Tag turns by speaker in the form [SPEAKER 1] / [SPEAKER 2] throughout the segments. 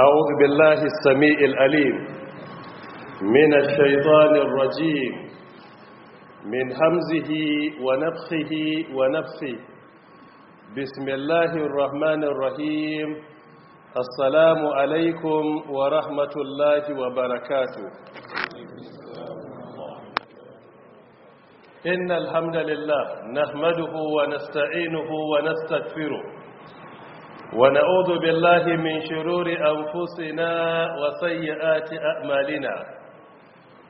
[SPEAKER 1] أعوذ بالله السميع الأليم
[SPEAKER 2] من الشيطان
[SPEAKER 1] الرجيم من همزه ونفخه ونفخه بسم الله الرحمن الرحيم السلام عليكم ورحمة الله وبركاته إن الحمد لله نحمده ونستعينه ونستغفره
[SPEAKER 2] ونعوذ
[SPEAKER 1] بالله من شرور أنفسنا وسيئات أعمالنا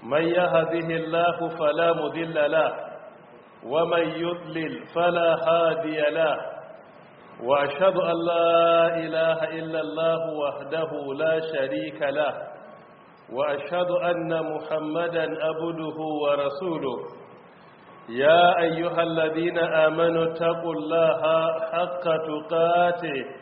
[SPEAKER 1] من يهده الله فلا مذل له ومن يضلل فلا هادي له وأشهد أن لا إله إلا الله وحده لا شريك له وأشهد أن محمدا أبده ورسوله يا أيها الذين آمنوا اتقوا الله حق تقاته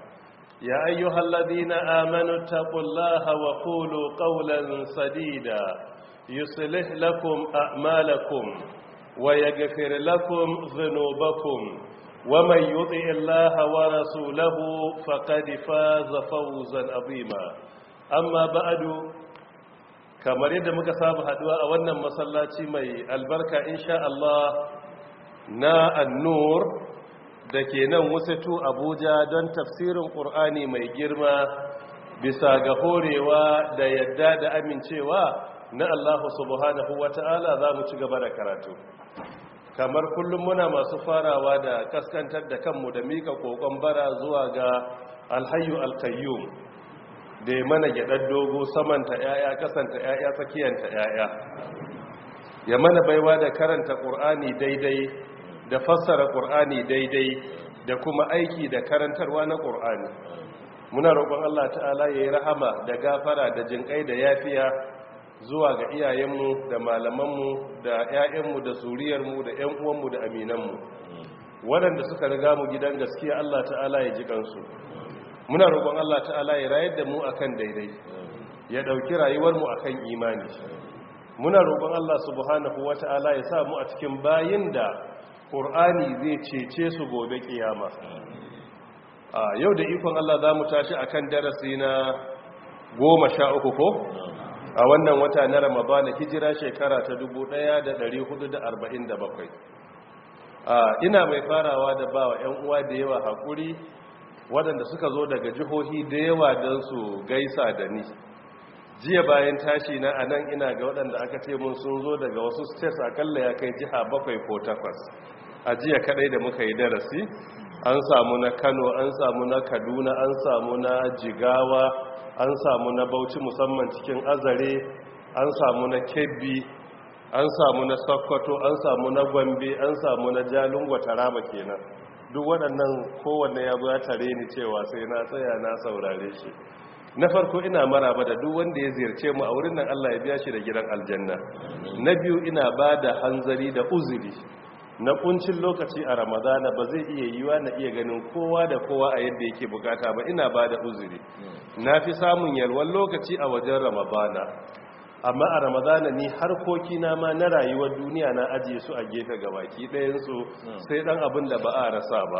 [SPEAKER 1] يا أيها الذين آمنوا اتقوا الله وقولوا قولا سديدا يصلح لكم أعمالكم ويغفر لكم ذنوبكم ومن يطع الله ورسوله فقد فاز فوزا عظيما أما بعد kamar yadda muka saba haduwa a wannan masallaci mai albarka insha Allah na annur da ke nan wasatu abuja don tafsirin ƙur'ani mai girma bisa ga horewa da yadda da amincewa na allahu subhanahu wata'ala za mu ci gaba da karatu kamar kullum muna masu farawa da kaskantar da kanmu da mika kokon bara zuwa ga alhayu alkayyum da ya mana gyaɗar dogo samanta 'ya'ya kasanta 'ya'ya tsakiyanta 'ya'ya ya mana baiwa da karanta ƙur'ani daidai da fassara ƙur'ani daidai da kuma aiki da karantarwa na ƙur'ani muna roƙon allah ta'ala ya yi rahama da gafara da jinƙai da yafiya zuwa ga iyayenmu da malamanmu da 'ya'yanmu da zuriyarmu da 'yan uwanmu da aminanmu waɗanda suka riga mu gidan gaskiya allah ta'ala ya ji kansu muna roƙon allah ta'ala ya rayar da mu akan daidai ya ɗauki rayuwar rayuwarmu akan imani muna roƙon allah subhanahu wata'ala ya sa mu a cikin bayin da ƙur'ani zai cece su gobe ƙiyama a yau da ikon Allah za mu tashi a kan darasi na goma sha uku ko a wannan wata na ramadana hijira shekara ta da da da 1447 ina mai farawa da ba wa 'yan uwa da yawa haƙuri waɗanda suka zo daga jihohi da yawa don su gaisa da ni jiya bayan tashi na a nan ina ga waɗanda aka ce mun sun zo daga wasu states akalla ya kai jiha bakwai ko takwas a jiya kadai da muka yi darasi an samu na kano an samu na kaduna an samu na jigawa an samu na bauchi musamman cikin azare an samu na kebbi an samu na sokoto an samu na gombe an samu na jalingo taraba kenan duk waɗannan kowanne ya ya tare ni cewa sai na tsaya na saurare shi na farko ina maraba da duk wanda ya ziyarce mu a wurin nan Allah ya biya shi da gidan aljanna na biyu ina ba da hanzari da uziri. na kuncin lokaci a ramadana ba zai iya yiwa na iya ganin kowa da kowa a yadda yake bukata ba ina ba da uzuri
[SPEAKER 3] hmm.
[SPEAKER 1] na fi samun yalwar lokaci a wajen ramadana amma a ramadana ni harkoki na ma na rayuwar duniya na ajiye su a gefe gabaki ɗayansu hmm. sai ɗan abin da ba a rasa ba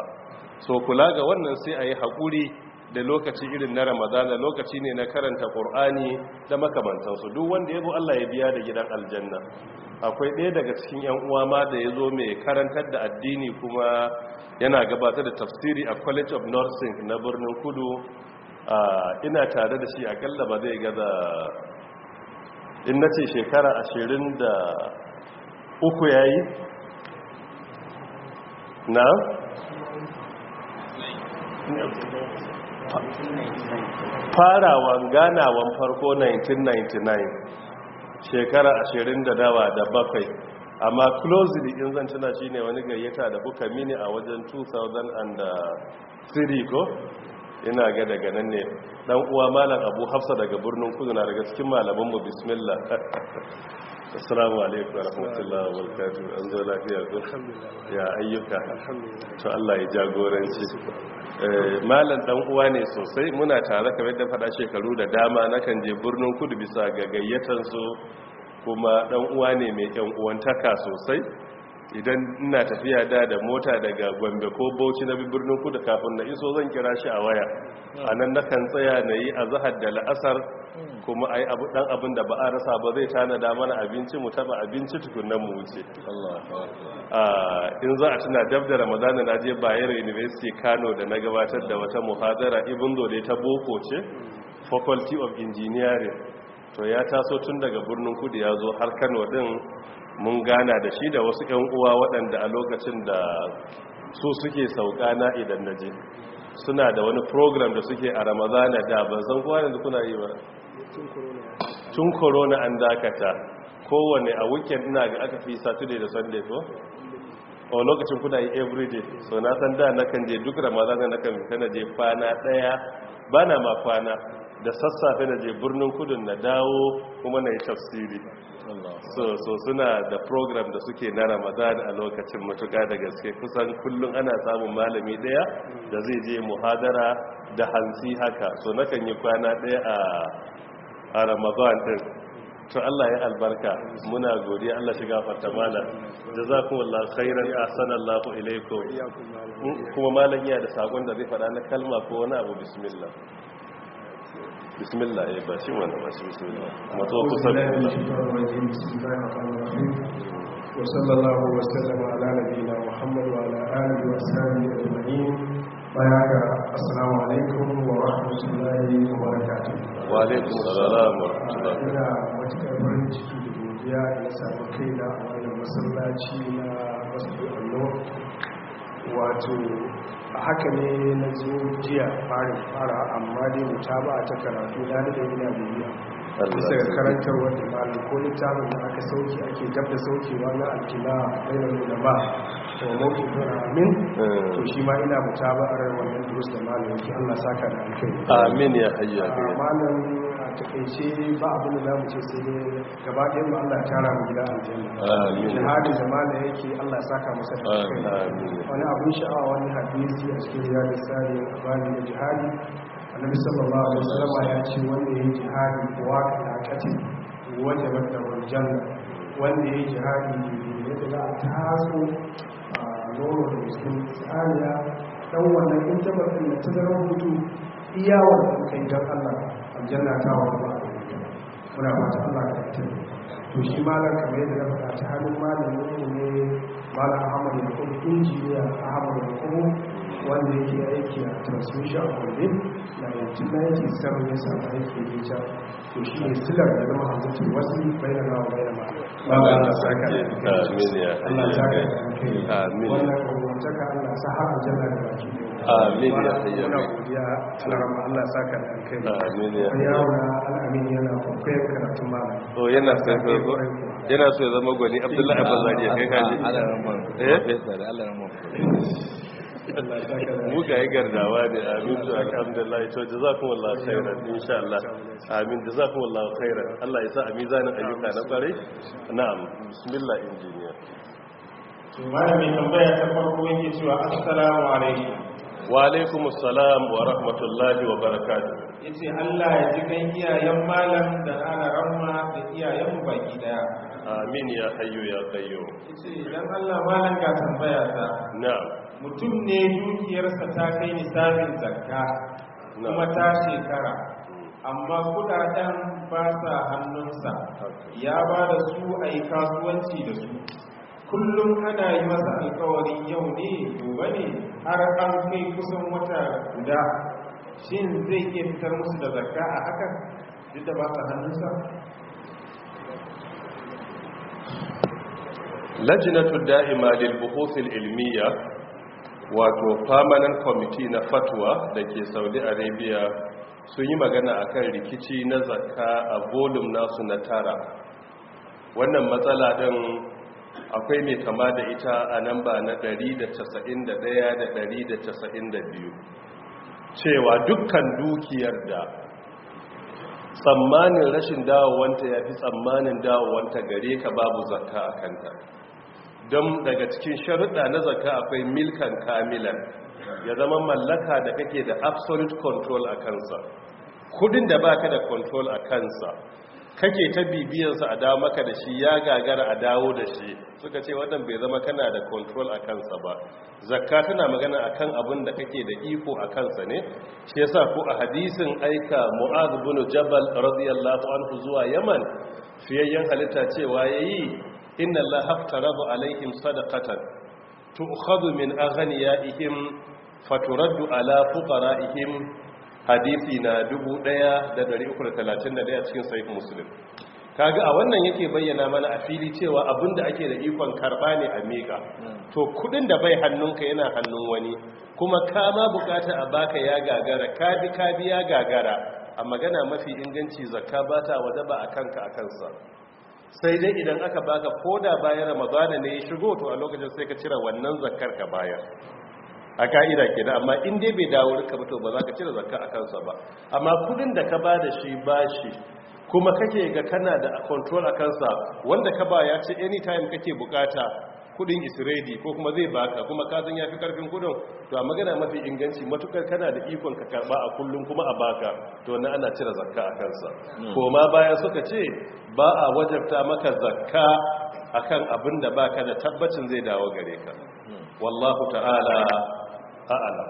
[SPEAKER 1] so kula ga wannan sai a yi haƙuri da lokaci irin na ramadana lokaci ne na karanta ƙur'ani da makamantansu duk wanda ya zo allah ya biya da gidan aljanna akwai ɗaya daga cikin 'yan uwa ma da ya zo mai karantar da addini kuma yana gabatar da tafsiri a college of nursing na birnin kudu a ina tare da shi akalla ba zai gaza in na ce shekara ashirin da uku ya yi na? farawan ganawan farko 1999 shekara ashirin da dawa da bakwai amma closely in zan tuna shi ne wani gayyata da buka mini a wajen 2003 ko ina ga daga nan ne dan uwa malam abu hafsa daga birnin kudu na daga cikin malamanmu bismillah assalamu alaikum wa rahmatullahi wa barakatuh an zo lafiya ko ya ayyuka to Allah ya jagoranci eh, malam dan uwa ne sosai muna tare kamar da faɗa shekaru da dama nakan je birnin kudu bisa ga gayyatan su kuma dan uwa ne mai yan uwantaka sosai idan ina tafiya da da mota daga gombe ko bauchi na birnin kudu kafin na iso zan kira shi a waya hmm. a nan na kan tsaya na yi a zahar da la'asar hmm. kuma ai abu dan abin da ba a rasa ba zai tana da mana abinci mu taba abinci tukunan mu wuce in za a tuna dab da ramadana na je bayero university kano da na gabatar da wata muhadara ibn dole ta boko ce faculty of engineering to ya taso tun daga birnin kudu ya zo har kano din mun gana da shi da wasu 'yan uwa waɗanda a lokacin da su suke sauka na idan naje suna da wani program da suke a ramadana da ban san kowa yanzu kuna yi ba tun corona an dakata kowane a weekend ina ga aka fi saturday da sunday ko a lokacin kuna yi everyday so na san da na kan je duk ramadana na kan fita na je kwana daya ba ma kwana da sassafe na je birnin kudin na dawo kuma na yi tafsiri so, suna da program da suke na ramadan a lokacin matuka da gaske kusan kullum ana samun malami daya da zai je muhadara da hansi haka so kan yi kwana daya a ramadan din to Allah ya albarka muna godiya Allah shiga fata mala jazakumullahu khairan ahsanallahu ilaykum kuma malam ya da sakon da zai faɗa na kalma ko wani abu bismillah bismillah ya eh, ba shi wani ba shi bismillah kuma to kusa
[SPEAKER 4] da wa sallallahu wa sallama ala nabiyina muhammad wa ala alihi wa sahbihi ajma'in bayaka assalamu alaikum wa rahmatullahi wa barakatuh
[SPEAKER 1] wa alaikum assalam wa rahmatullahi
[SPEAKER 4] ina matukar farin ciki da godiya da na samu kaina a wannan masallaci na masjidul annabawi wato haka ne na zo jiya fara fara amma dai wuta ba ta karatu na da ina bibiya bisa ga karantar wanda malam ko littafin da aka sauki ake gab da saukewa na alkila bayan da ba to ko na amin eh. to shi ma ina mutaba a rar wannan durus da malam yake Allah saka da alkai amin ya hayya ah, malam a takaice ba abin da za mu ce sai dai gaba ɗaya ba Allah tara mu gida aljanna jihadin da mala yake Allah ya saka masa da wani abin sha'awa wani hadisi a cikin riyadu sari a bani da jihadi annabi sallallahu alaihi wasallam ya ce wanda yayi jihadi kuwa kana katin wajaba da aljanna wanda yayi jihadi ne da za ta taso a loro da cikin tsariya dan wannan intabar din ta zama hutu iyawar wannan kai don Allah aljanna ta wa ba muna fata Allah ka fitar to shi malam kamar yadda na faɗa ta hannun malamin mu ne malam Ahmad injiniya Ahmad ya kuma wanda yake aiki a transmission holding na 1997 ya samu aiki ya to shi ne silar da zama hanzarci wasu bayan bayan ba ba ta saka wannan makwabtaka Allah sa har da baki amin ya godiya Allah da amin ya al'amin yana karatun to yana sai ko yana so ya zama gwani Abdullahi Abdullahi kai kaji Allah rahman
[SPEAKER 1] eh Allah
[SPEAKER 4] Mu muka
[SPEAKER 1] yi gardawa da amin to alhamdulillah to jazakumullahu khairan insha Allah amin jazakumullahu khairan Allah ya sa a mizanin ayyuka na kware na'am bismillah injiniya
[SPEAKER 5] malami tambaya ta farko yake cewa assalamu alaikum
[SPEAKER 1] wa alaikum assalam wa rahmatullahi wa barakatuh
[SPEAKER 5] yace Allah ya ji kan iyayen malam da ana rahma da iyayen baki daya amin ya
[SPEAKER 1] hayyu ya qayyum
[SPEAKER 5] yace dan Allah malam ga tambaya ta na'am mutum ne dukiyarsa ta kai nisabin zakka kuma ta shekara mm. amma kudaden ba sa hannunsa ya ba da su a yi kasuwanci da su kullum ana yi masa alkawari yau ne gobe ne har an kai kusan wata guda shin zai iya fitar musu da zakka a haka duk da ba su hannunsa
[SPEAKER 1] lajinatu da'ima lil buhuthil ilmiya wato permanent committee na fatwa da ke saudi arabia sun yi magana akan rikici na zakka a volume nasu na tara
[SPEAKER 4] wannan matsala din
[SPEAKER 1] akwai mai kama da ita a nan ba na 191 da 192 cewa dukkan dukiyar da tsammanin rashin dawowanta ya fi tsammanin dawowanta gare ka babu zakka a kanta don daga cikin sharuɗa na zakka akwai milkan kamilan ya zama mallaka da kake da absolute control a kansa kudin da ba ka da control a kansa kake ta bibiyansa a dawo maka da shi ya gagara a dawo da shi suka ce waɗanda bai zama kana da control a kansa ba zakka tana magana a kan abin da kake da iko a kansa ne shi sa ko a hadisin aika mu'adh bin jabal radiyallahu anhu zuwa yaman fiyayyen halitta cewa yayi inna allaha haftaradu alaihim sadaqatan tu'khadhu min aghniyaihim faturaddu ala fuqaraihim hadisi na 1331 cikin sahih muslim kaga a wannan yake bayyana mana a fili cewa abinda ake da ikon karba ne a mika to kudin da bai hannunka yana hannun wani kuma ka ma bukata a baka ya gagara ka bi ka bi ya gagara a magana mafi inganci zakka ba ta ba a kanka a kansa sai dai idan aka baka koda bayan ramadana ne ya shigo to a lokacin sai ka cire wannan zakkar ka bayar a ka'ida gida, amma in dai bai dawo rika ba ba za ka cire zakka a kansa ba amma kudin da ka ba da shi bashi kuma kake ga kana da control a kansa wanda ka ba ya ce anytime kake bukata kudin is ready ko kuma zai baka kuma ka san fi karfin kudin to a magana mafi inganci matukar kana da ikon ka karba a kullum kuma a baka to ana cire zakka a kansa hmm. ko ma baya suka ce ba a wajabta maka zakka akan abin da baka da tabbacin zai dawo gare ka hmm. wallahu ta'ala a'ala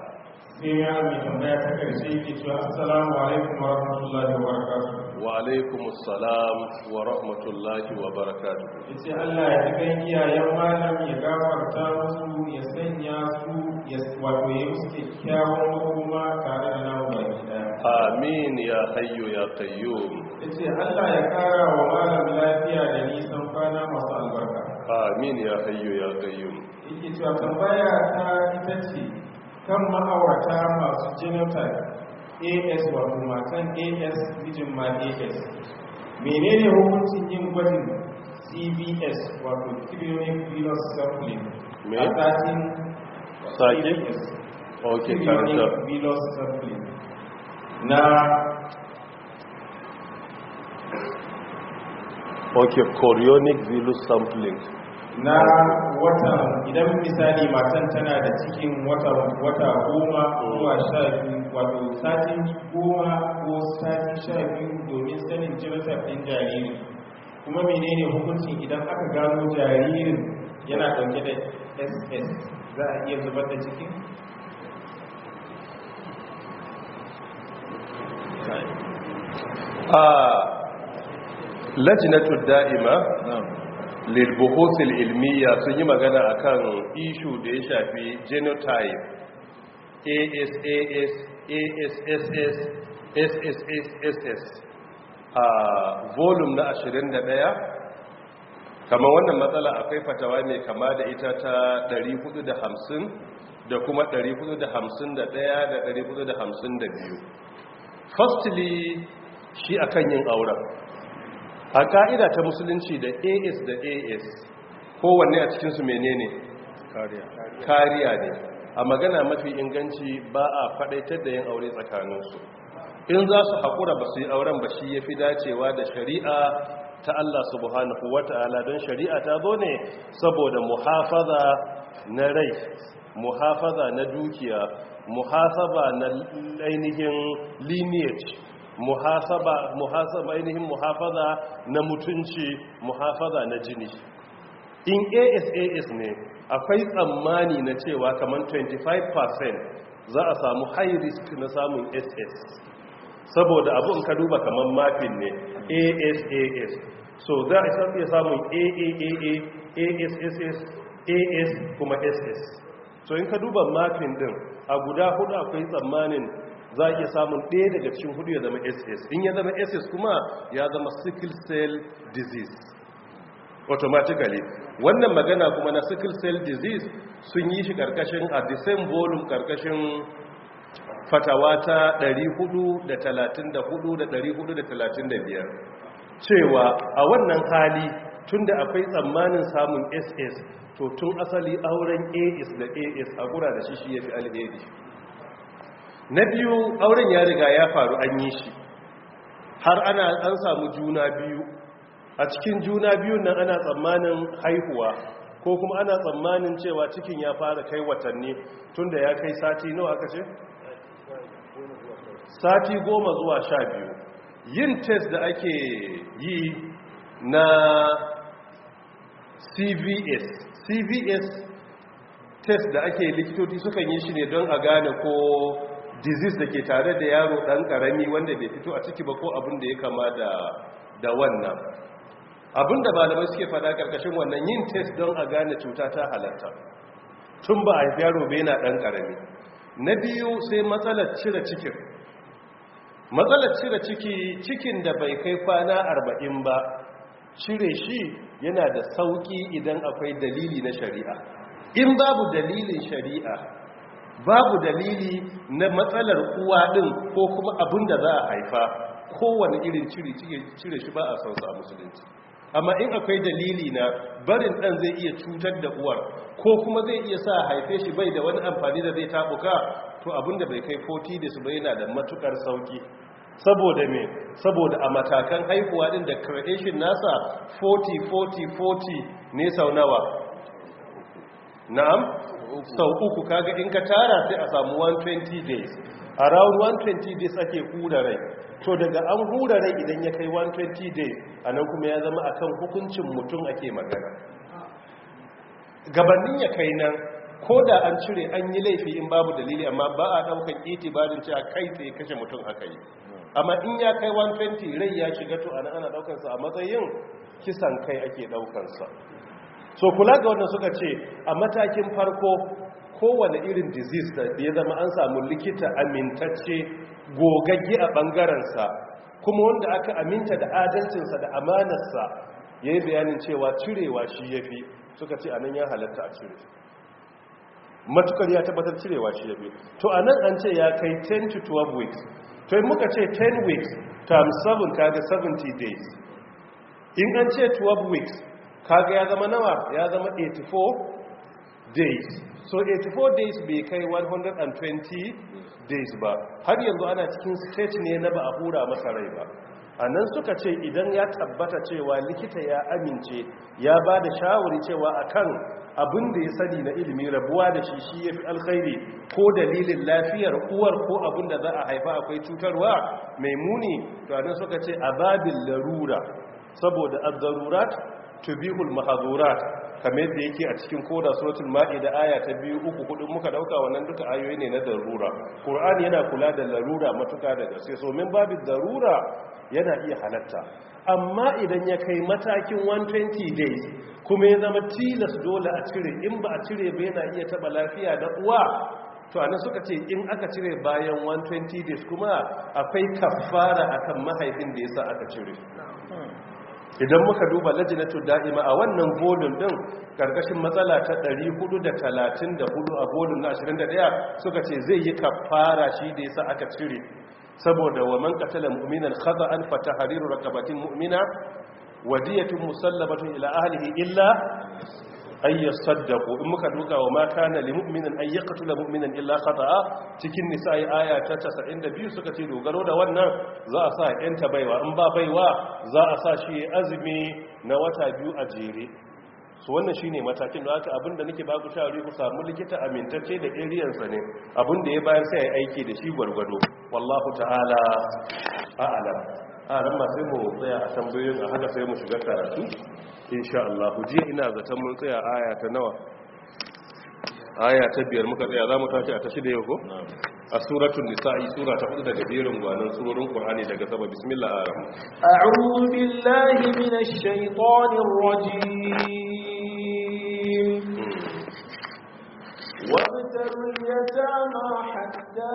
[SPEAKER 5] sai ya mai ta karshe yake cewa assalamu alaikum wa rahmatullahi wa
[SPEAKER 1] barakatuh wa alaikum assalam wa rahmatullahi wa barakatuh yace Allah
[SPEAKER 5] ya ji kan iyayen malam ya gafarta su ya sanya su ya wato ya musu kyakkyawan makoma tare da namu baki daya
[SPEAKER 1] amin ya hayyo ya qayyum yace Allah ya kara wa malam lafiya da
[SPEAKER 5] nisan kwana masu albarka
[SPEAKER 1] amin ya hayyo ya qayyum yake cewa
[SPEAKER 5] tambaya ta ita ce kan ma'aurata masu genotype as wato matan as bijin ma as menene hukuncin yin gwajin cbs wato chronic venous sampling a satin cbs
[SPEAKER 1] chronic
[SPEAKER 5] venous sampling na
[SPEAKER 1] Okay, chorionic venous sampling
[SPEAKER 5] na watan idan misali matan tana da cikin wata goma zuwa sha wato satin goma ko satin sha biyu domin sanin jirgin ɗin jariri kuma menene hukuncin idan aka gano
[SPEAKER 4] jaririn
[SPEAKER 5] yana ɗauke da ss za a iya zubar da cikin
[SPEAKER 1] a ah, lajinatu da'ima lilbuhosil ilmiya sun yi magana akan ishu da ya shafi genotype asas asss sssss a volume na 21 kama wannan matsala akwai fatawa mai kama da ita ta 450 da kuma 451 da 452 firstly shi akan yin auren a ƙa'ida ta musulunci da as da as kowanne a cikinsu menene
[SPEAKER 4] kariya ne a magana
[SPEAKER 1] mafi inganci ba a faɗaitar da yin aure tsakaninsu in za su haƙura ba su yi auren ba shi ya fi dacewa da shari'a ta Allah subhanahu wa ta'ala don shari'a ta zo ne saboda muhafaza na rai muhafaza na dukiya muhasaba na ainihin lineage muhasaba ainihin muhafaza na mutunci muhafaza na jini in asas ne akwai tsammani na cewa kamar 25% za a samu high risk na samun ss saboda abu ka duba kamar mafin ne asas so za a iya samun aaaa asss as kuma ss so in ka duba mafin din a guda hudu akwai tsammanin za a iya samun ɗaya daga cikin hudu ya zama ss in ya zama ss kuma ya zama sickle cell disease automatically wannan magana kuma na sickle cell disease sun yi shi karkashin a the same volume karkashin fatawa ta 434-435
[SPEAKER 5] cewa a
[SPEAKER 1] wannan hali tun da akwai tsammanin samun ss to tun asali auren as da as a gura da shi shi ya fi alheri na biyu auren ya riga ya faru an yi shi har ana an samu juna biyu a cikin juna biyun nan ana tsammanin haihuwa ko kuma ana tsammanin cewa cikin ya fara kai watanni tunda ya kai sati nawa aka ce sati goma zuwa sha biyu yin test da ake yi na cvs cvs test da ake likitoci sukan yi shi ne don a gane ko disease da ke tare da yaro ɗan karami wanda bai fito a ciki ba ko abin da ya kama da wannan abin da malamai suke fada ƙarƙashin wannan yin test don a gane cuta ta halatta tun ba a yaro bai na ɗan karami. na biyu sai matsalar cire cikin matsalar cire ciki cikin da bai kai kwana arba'in ba cire shi yana da sauƙi idan akwai dalili na shari'a in babu dalilin shari'a babu dalili na matsalar uwa din ko kuma abin da za a haifa kowane irin cire shi ba a son sa musulunci amma in akwai dalili na barin ɗan zai iya cutar da uwar ko kuma zai iya sa haife shi bai da wani amfani da zai tabuka to abin da bai kai 40 da su bai yana da matukar sauki saboda me saboda a matakan haihuwa ɗin da creation nasa 40 40 40 ne sau nawa na'am sau uku kaga in ka tara sai a samu 120 days around 120 days ake hura rai to daga an hura rai idan ya kai 120 days anan kuma ya zama a kan hukuncin mutum ake magana gabanin ya kai nan ko da an cire an yi laifi in babu dalili amma ba a daukan itibarin cewa kai tsaye kashe mutum aka yi amma in ya kai 120 rai ya shiga to ana ana daukansa a matsayin kisan kai ake sa so kula ga wannan suka ce a matakin farko kowane irin disease da ya zama an samu likita amintacce gogagge a bangaransa kuma wanda aka aminta da adalcinsa da amanarsa ya yi bayanin cewa cirewa shi ya fi suka ce anan ya halatta a cire matukar ya tabbatar cirewa shi ya fi to anan an ce ya kai 10 to 12 weeks to yi muka ce 10 weeks times 7 kaga 70 days in an ce 12 weeks kaga ya zama nawa ya zama 84 days so 84 days bai kai 120 days ba har yanzu ana cikin state ne na ba a hura masa rai ba a nan suka ce idan ya tabbata cewa likita ya amince ya ba da shawari cewa akan abin da ya sani na ilimi rabuwa da shi shi ya fi alkhairi ko dalilin lafiyar uwar ko abin da za a haifa akwai cutarwa mai muni to a suka ce a babin larura saboda azzarurat tubihul mahazurat kamar yadda yake a cikin koda suratul ma'ida aya ta biyu uku hudu muka dauka wannan duka ayoyi ne na darura qur'ani yana kula da larura matuka da gaske so min babu darura yana iya halatta amma idan ya kai matakin 120 days kuma ya zama tilas dole a cire in ba a cire ba yana iya taba lafiya da uwa to anan suka ce in aka cire bayan 120 days kuma akwai kafara akan mahaifin da yasa aka cire idan muka duba lajinatu da'ima a wannan volume din karkashin matsala ta 434 a volume na 21 suka ce zai yi kafara shi da yasa aka cire saboda wa man qatala mu'minan khata'an fa tahriru raqabatin mu'mina wadiyatun musallamatun ila ahlihi illa ayyar saddako in muka duka wa mata na limu'minin ayyaka tula mu'minin illa khata'a cikin nisa'i aya ta 92 suka ce dogaro da wannan za a sa yanta baiwa in ba baiwa za a sa shi azumi na wata biyu a jere su wannan shine matakin da aka abinda nake baku shawari ku samu likita amintacce da iriyansa ne abinda ya bayar sai aiki da shi gwargwado wallahu ta'ala a'lam a ran ma sai mu tsaya a tambayoyin a haka sai mu shiga karatu insha Allah ku jiya ina zaton mun tsaya aya ta nawa aya ta biyar muka tsaya za mu tashi a ta shida yau ko a suratul nisa'i sura ta hudu daga jerin gwanin surorin qur'ani daga saba bismillah arrahman
[SPEAKER 6] a'udhu billahi minash shaitanir rajim وابتلوا اليتامى حتى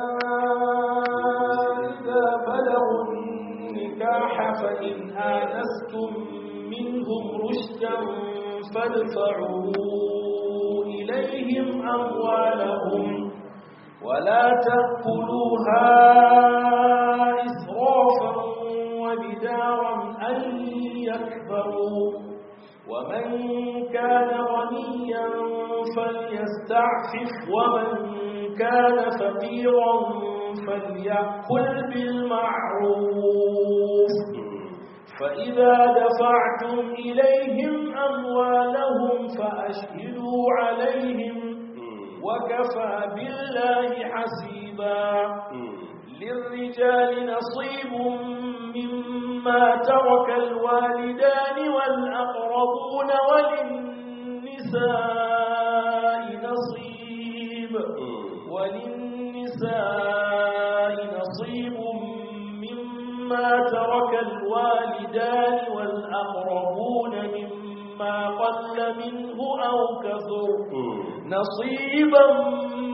[SPEAKER 6] إذا بلغوا النكاح فإن آنستم منكم رشدا فادفعوا إليهم أموالهم ولا تأكلوها إسرافا وبدارا أن يكبروا ومن كان غنيا فليستعفف ومن كان فقيرا فليأكل بالمعروف فإذا دفعتم إليهم أموالهم فأشهدوا عليهم وكفى بالله حسيبا للرجال نصيب مما ترك الوالدان والأقربون وللنساء نصيب وللنساء نصيب مما ترك الوالدان والأقربون مما قل منه أو كثر نصيبا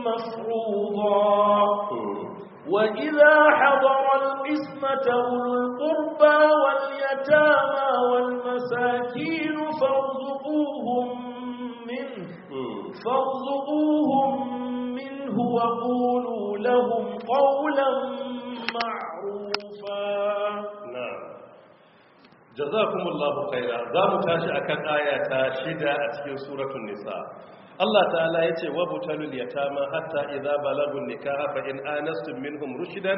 [SPEAKER 6] مفروضا وإذا حضر القسمة أولو القربى واليتامى والمساكين فارزقوهم منه فارزقوهم منه وقولوا لهم قولا معروفا
[SPEAKER 1] jazakumullahu khaira za mu tashi akan aya ta shida a cikin suratun nisa Allah ta'ala yace wa butalul yatama hatta idza balagun nikaha fa in anastum minhum rushdan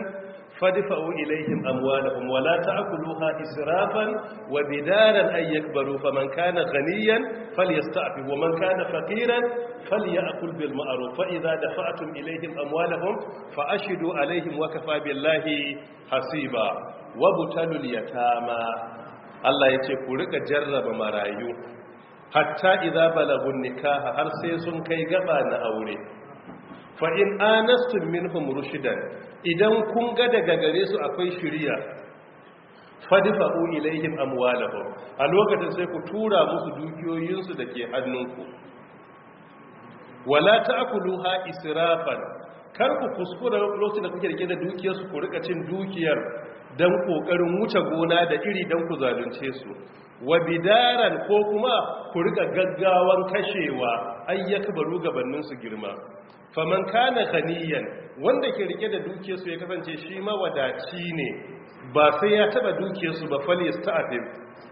[SPEAKER 1] fadfa'u ilayhim amwalahum wa la ta'kuluha israfan wa bidaran an yakbaru faman kana ghaniyan falyasta'fi wa man kana faqiran falyakul bil ma'ruf fa idza dafa'tum ilayhim amwalahum fa ashidu alayhim wa kafa hasiba wa butalul yatama Allah ya ce ku rika jarraba marayu hatta idza balagun nikaha har sai sun kai gaba na aure fa in anastum minhum rushidan idan kun ga daga gare su akwai shiriya fadfa'u ilaihim amwalahum a lokacin sai ku tura musu dukiyoyinsu da ke hannunku wala ta'kuluha israfan kar ku kuskura lokacin da kuke rike da dukiyarsu ku rika cin dukiyar don ƙoƙarin wuce gona da iri don ku zalunce su wa bidaran ko kuma ku riƙa gaggawan kashewa ayyaka gabanin su girma faman kana ganiyan wanda ke rike da duke su ya kasance shi mawadaci ne ba sai ya taba su ba fali sta'afin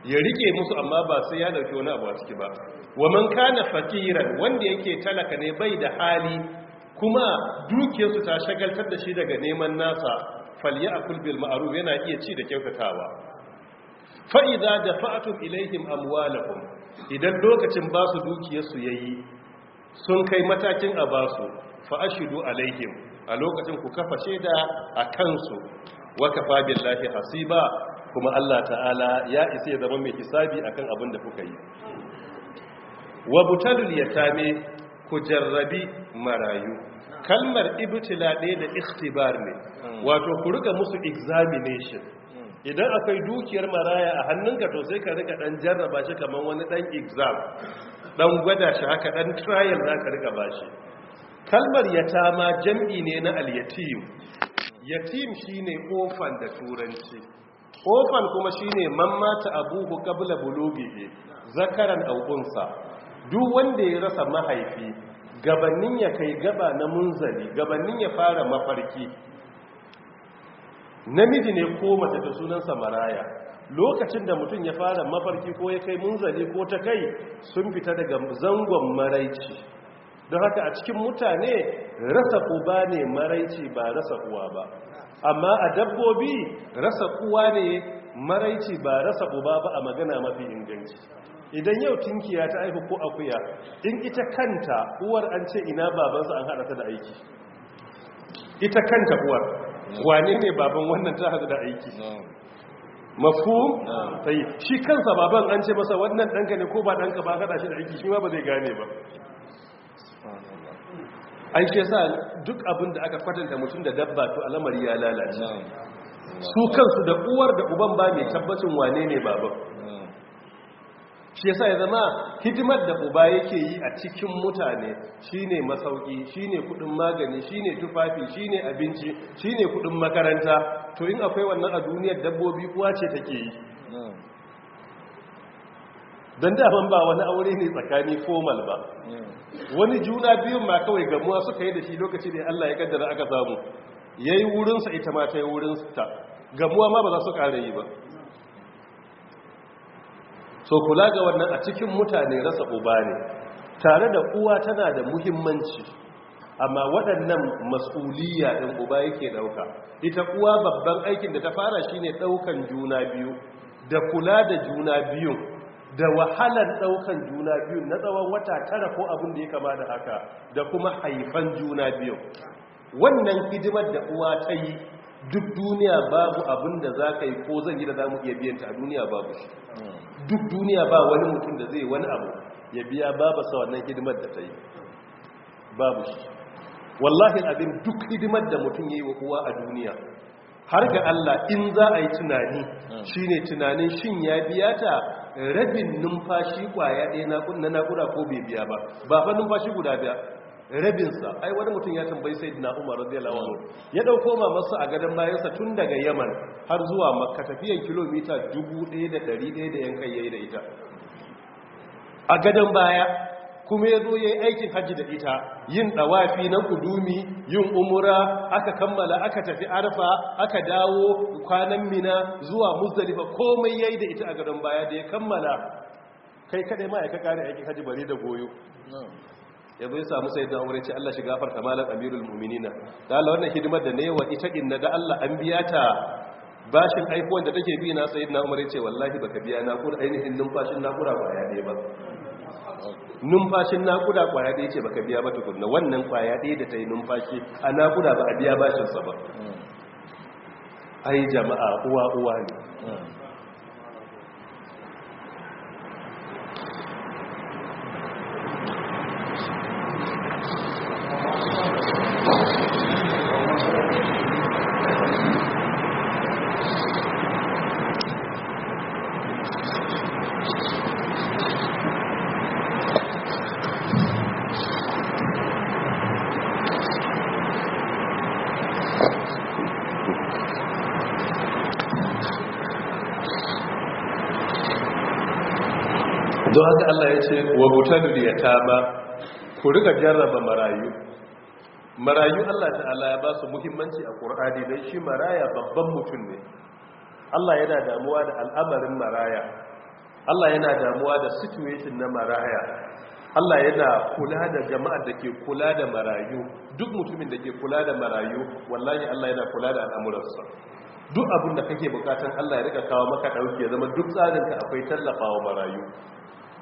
[SPEAKER 1] ya rike musu amma ba sai ya dauke wani abu a ciki ba wa man kana fakiran wanda yake talaka ne bai da hali kuma duke su ta shagaltar da shi daga neman nasa a bil ma'ruf yana iya ci da kyautatawa fa idza dafa'tum ilaihim amwalahum idan lokacin ba su dukiyar su yayi sun kai matakin a ba su fa ashidu alaihim a lokacin ku kafa shaida a kansu wa kafa billahi hasiba kuma Allah ta'ala ya isa ya zama mai hisabi akan abin da kuka yi wa butalul tame ku jarrabi marayu kalmar ibtila ɗaya da ikhtibar ne hmm. wato ku riga musu examination hmm. idan akwai dukiyar maraya a hannunka to sai ka riga dan jarraba shi kamar wani dan exam dan gwada shi haka dan trial za ka riga bashi kalmar yatama jam'i ne na al-yatim yatim shine ofan da turanci ofan kuma shine mamma ta abuhu qabla bulughihi zakaran aw unsa duk wanda ya rasa mahaifi gabanin ya kai gaba na munzali gabanin ya fara mafarki namiji ne ko mace da sunansa maraya lokacin da mutum ya fara mafarki ko ya kai munzali ko ta kai sun fita daga zangon maraici don haka a cikin mutane rasa uba ne maraici ba rasa uwa ba amma a dabbobi rasa uwa ne maraici ba rasa uba ba a magana mafi inganci idan yau tinkiya ta aiki ko akuya in ita kanta uwar an ce ina babansa an haɗa ta da aiki
[SPEAKER 2] ita kanta uwar wane ne baban
[SPEAKER 1] wannan ta haɗu da aiki mafu sai shi kansa baban an ce masa wannan ɗanka ne ko ba ɗanka ba haɗa shi da aiki shi ma ba zai gane ba An ce yasa duk abin da aka kwatanta mutum da dabba to al'amari ya lalace su kansu da uwar da uban ba mai tabbacin wane ne baban shi yasa ya zama hidimar da uba yake yi a cikin mutane shine masauki shine kudin magani shine tufafi shine abinci shine kudin makaranta to in akwai wannan a duniyar dabbobi uwa ce take yi don ban ba wani aure ne tsakani formal ba wani juna biyun ma kawai gamuwa suka yi da shi lokaci da Allah ya kaddara aka samu yi wurinsa ita ma ta yi wurinsa gamuwa ma ba za su ƙara yi ba To kula ga wannan a cikin mutane rasa uba ne tare da uwa tana da muhimmanci amma waɗannan mas'uliyya ɗin uba yake ɗauka ita uwa babban aikin da ta fara shine ɗaukan juna biyu da kula da juna biyu da wahalar ɗaukan juna biyu na tsawon wata tara ko abin da ya kama da haka da kuma haifan juna biyu wannan hidimar da uwa ta yi duk duniya babu abin da za ka yi ko zan yi da za mu iya biyanta a duniya babu shi duk duniya ba wani mutum da zai wani abu ya biya babu sa wannan hidimar da ta yi babu shi wallahi abin duk hidimar da mutum ya yi wa kowa a duniya har ga Allah in za a yi tunani shine tunanin shin ya biya ta rabin numfashi kwaya ɗaya na na'ura ko bai biya ba ba fa numfashi guda biya rabinsa ai wani mutum ya tambayi sai dina umar radiyallahu anhu ya ɗauko mamarsa a gadon bayansa tun daga yaman har zuwa makka tafiyan kilomita 1100 da yankan yayi da ita a gadon baya kuma ya zo ya yi aikin hajji da ita yin ɗawafi na kudumi yin umura aka kammala aka tafi arfa aka dawo kwanan mina zuwa muzdalifa komai ya yi da ita a gadon baya da ya kammala kai kaɗai ma ya ka aikin hajji bare da goyo ya zo samu sai da aure ce Allah shi gafarta malam amirul mu'minina da Allah wannan hidimar da ne wa ita din da Allah an biya ta bashin aikuwan da take bi na sayyidina Umar ya ce wallahi baka biya na kura ainihin numfashin na kura ba ya ba numfashin na kura kwaya ɗaya ce baka biya ba tukunna wannan kwaya dai da ta yi numfashi a na kura ba a biya bashin sa ba ai jama'a uwa uwa ne don haka Allah ya ce wa mutane ya tama ku riga jarraba marayu marayu Allah ta'ala ya ba su muhimmanci a Kur'ani, don shi maraya babban mutum ne Allah yana damuwa da al'amarin maraya Allah yana damuwa da situation na maraya Allah yana kula da jama'a da ke kula da marayu duk mutumin da ke kula da marayu wallahi Allah yana kula da al'amuransa duk abin da kake bukatan Allah ya rika kawo maka ya zama duk tsarinka akwai tallafawa marayu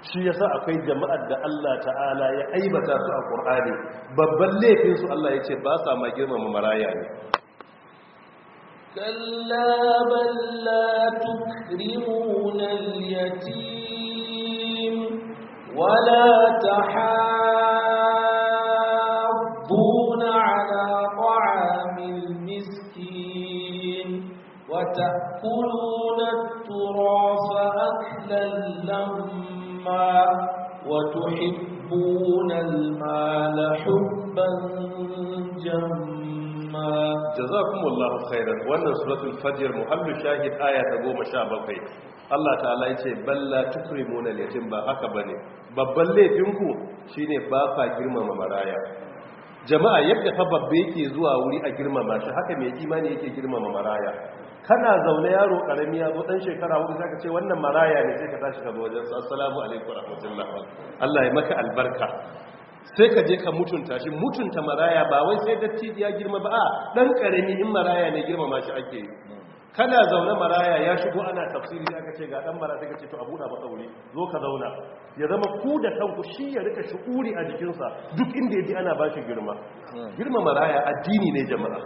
[SPEAKER 1] shi yasa akwai jama'ar da Allah ta'ala ya aibata su a Qur'ani babban laifin su Allah yace ba sa ma girmama maraya ne
[SPEAKER 6] kalla bal la tukrimuna al-yatim wala tahadduna ala ta'amil miskin wa ta'kuluna at-turafa aklan lamma حلما وتحبون المال حبا جما
[SPEAKER 1] جزاكم الله خيرا wannan suratul fajr muhallin shahid aya ta goma sha 17 Allah ta'ala yace balla tukrimuna yatim ba haka bane babban laifinku shine ba ka girmama maraya jama'a yadda fa babbe yake zuwa wuri a girmama shi haka mai imani yake girmama maraya kana zaune yaro karami ya zo dan shekara hudu zaka ce wannan maraya ne sai ka tashi ka wajen su assalamu alaikum rahmatullah Allah ya maka albarka sai ka je ka mutunta shi mutunta maraya ba wai sai dattijiya girma ba a ɗan karami in maraya ne girma ma shi ake kana zaune maraya ya shigo ana tafsiri da aka ce ga dan mara take ce to abuda ba matsauri zo ka zauna ya zama ku da kanku shi ya rika shuuri a jikin sa duk inda ya ji ana ba shi girma girma maraya addini ne jama'a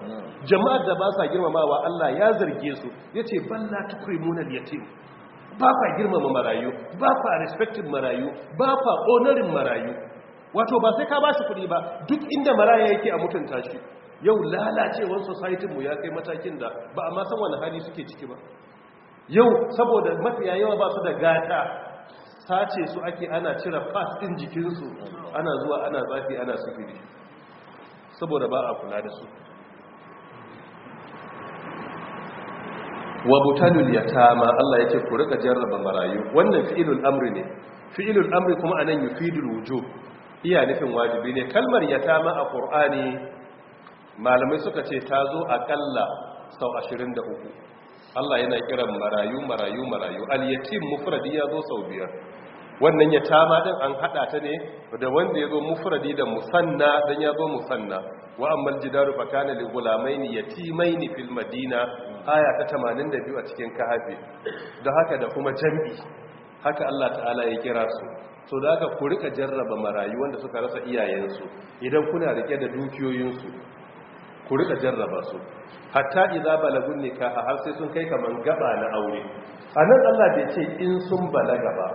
[SPEAKER 1] jama'a da ba sa girmamawa Allah ya zarge su yace balla tukrimuna al-yatim
[SPEAKER 4] ba kwa girmama
[SPEAKER 1] marayu ba fa respecting marayu ba fa honoring marayu wato ba sai ka ba shi kuɗi ba duk inda maraya yake a mutunta shi yau lalacewar society mu ya kai matakin da ba a san wani hali suke ciki ba yau saboda mafiya yawa ba su da gata sace su ake ana cire fas ɗin jikinsu ana zuwa ana zafi ana sufuri saboda ba a kula da su wa butanul yatama Allah yake ku rika jarraba marayu wannan fi'ilul amri ne fi'ilul amri kuma anan yufidul wujub iya nufin wajibi ne kalmar yatama a qur'ani malamai suka ce ta zo akalla sau 23 Allah yana kiran marayu marayu marayu al-yatim mufradi ya zo sau biyar wannan ya tama din an hada ta ne da wanda ya zo mufradi da musanna dan ya zo musanna wa ammal jidaru fakana li gulamain yatimain fil madina aya ta 82 a cikin kahafi don haka da kuma jam'i haka Allah ta'ala ya kira su so da haka ku rika jarraba marayu wanda suka rasa iyayensu idan kuna rike da dukiyoyinsu ku rika jarraba su hatta idza balagun nikaha har sai sun kai kaman gaba na aure anan Allah bai ce in sun balaga ba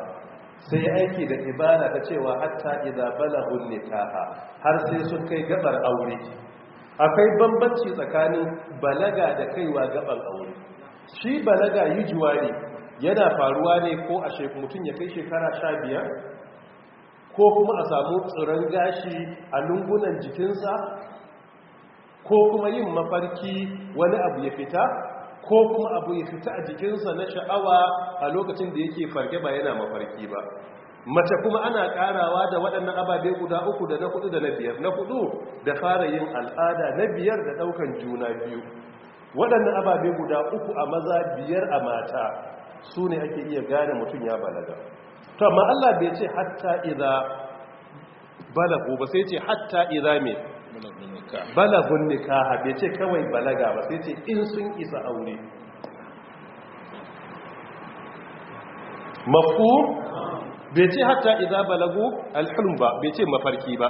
[SPEAKER 1] sai aiki da ibada ta cewa hatta idza balagun nikaha har sai sun kai gabar aure akwai bambanci tsakanin balaga da kaiwa gaban aure shi balaga yi ne yana faruwa ne ko a mutum ya kai shekara sha biyar ko kuma a samu tsiron gashi a lungunan jikinsa ko kuma yin mafarki wani abu ya fita ko kuma abu ya fita a jikinsa na sha'awa a lokacin da yake farge ba yana mafarki ba mace kuma ana karawa da waɗannan ababe guda uku da na hudu da na biyar na hudu da fara yin al'ada na biyar da ɗaukan juna biyu waɗannan ababe guda uku a maza biyar a mata su ne ake iya gane mutum ya balaga to amma Allah bai ce hatta iza balagu ba sai ce hatta iza me balagun nikaha bai ce kawai balaga ba sai ce in sun isa aure mafu bai ce hatta iza balagu alhulm ba bai ce mafarki ba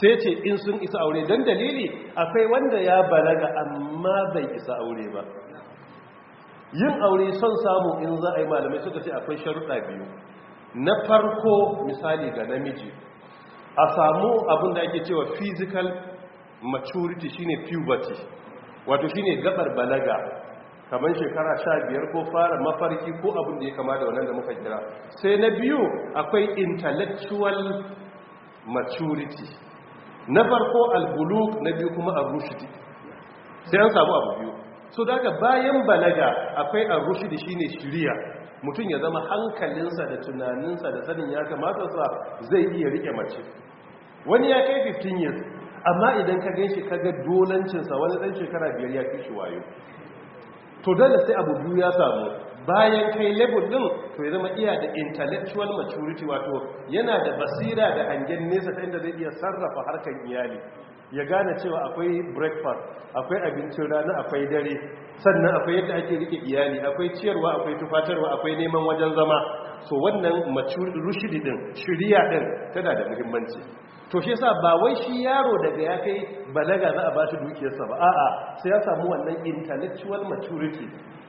[SPEAKER 1] sai ce in sun isa aure dan dalili akwai wanda ya balaga amma bai isa aure ba yin aure son samu in za a yi malamai suka ce akwai sharuɗa biyu na farko misali ga namiji a samu abin da ake cewa physical maturity shine puberty wato shine gabar balaga kamar shekara sha ko fara mafarki ko abin da ya kama da wannan da muka kira sai na biyu akwai intellectual maturity na farko albuluk na biyu kuma arushidi sai an samu abu biyu so daga bayan balaga akwai arushidi shine shiriya mutum ya zama hankalinsa da tunaninsa da sanin ya kamata sa zai iya rike mace wani ya kai 15 years amma idan ka gan shi ka ga dolancinsa wani ɗan shekara biyar ya fi shi wayo to dole sai abu biyu ya samu bayan kai level ɗin, to ya zama iya da intellectual maturity wato yana da basira da hangen nesa ta inda zai iya sarrafa harkar iyali ya gane cewa akwai breakfast akwai abincin rana akwai dare sannan akwai yadda ake rike iyali akwai ciyarwa akwai tufatarwa akwai neman wajen zama so wannan maturity rushidi din shiriya din tana da muhimmanci to shi yasa ba wai shi yaro daga ya kai balaga za a ba shi dukiyarsa ba a'a sai ya samu wannan intellectual maturity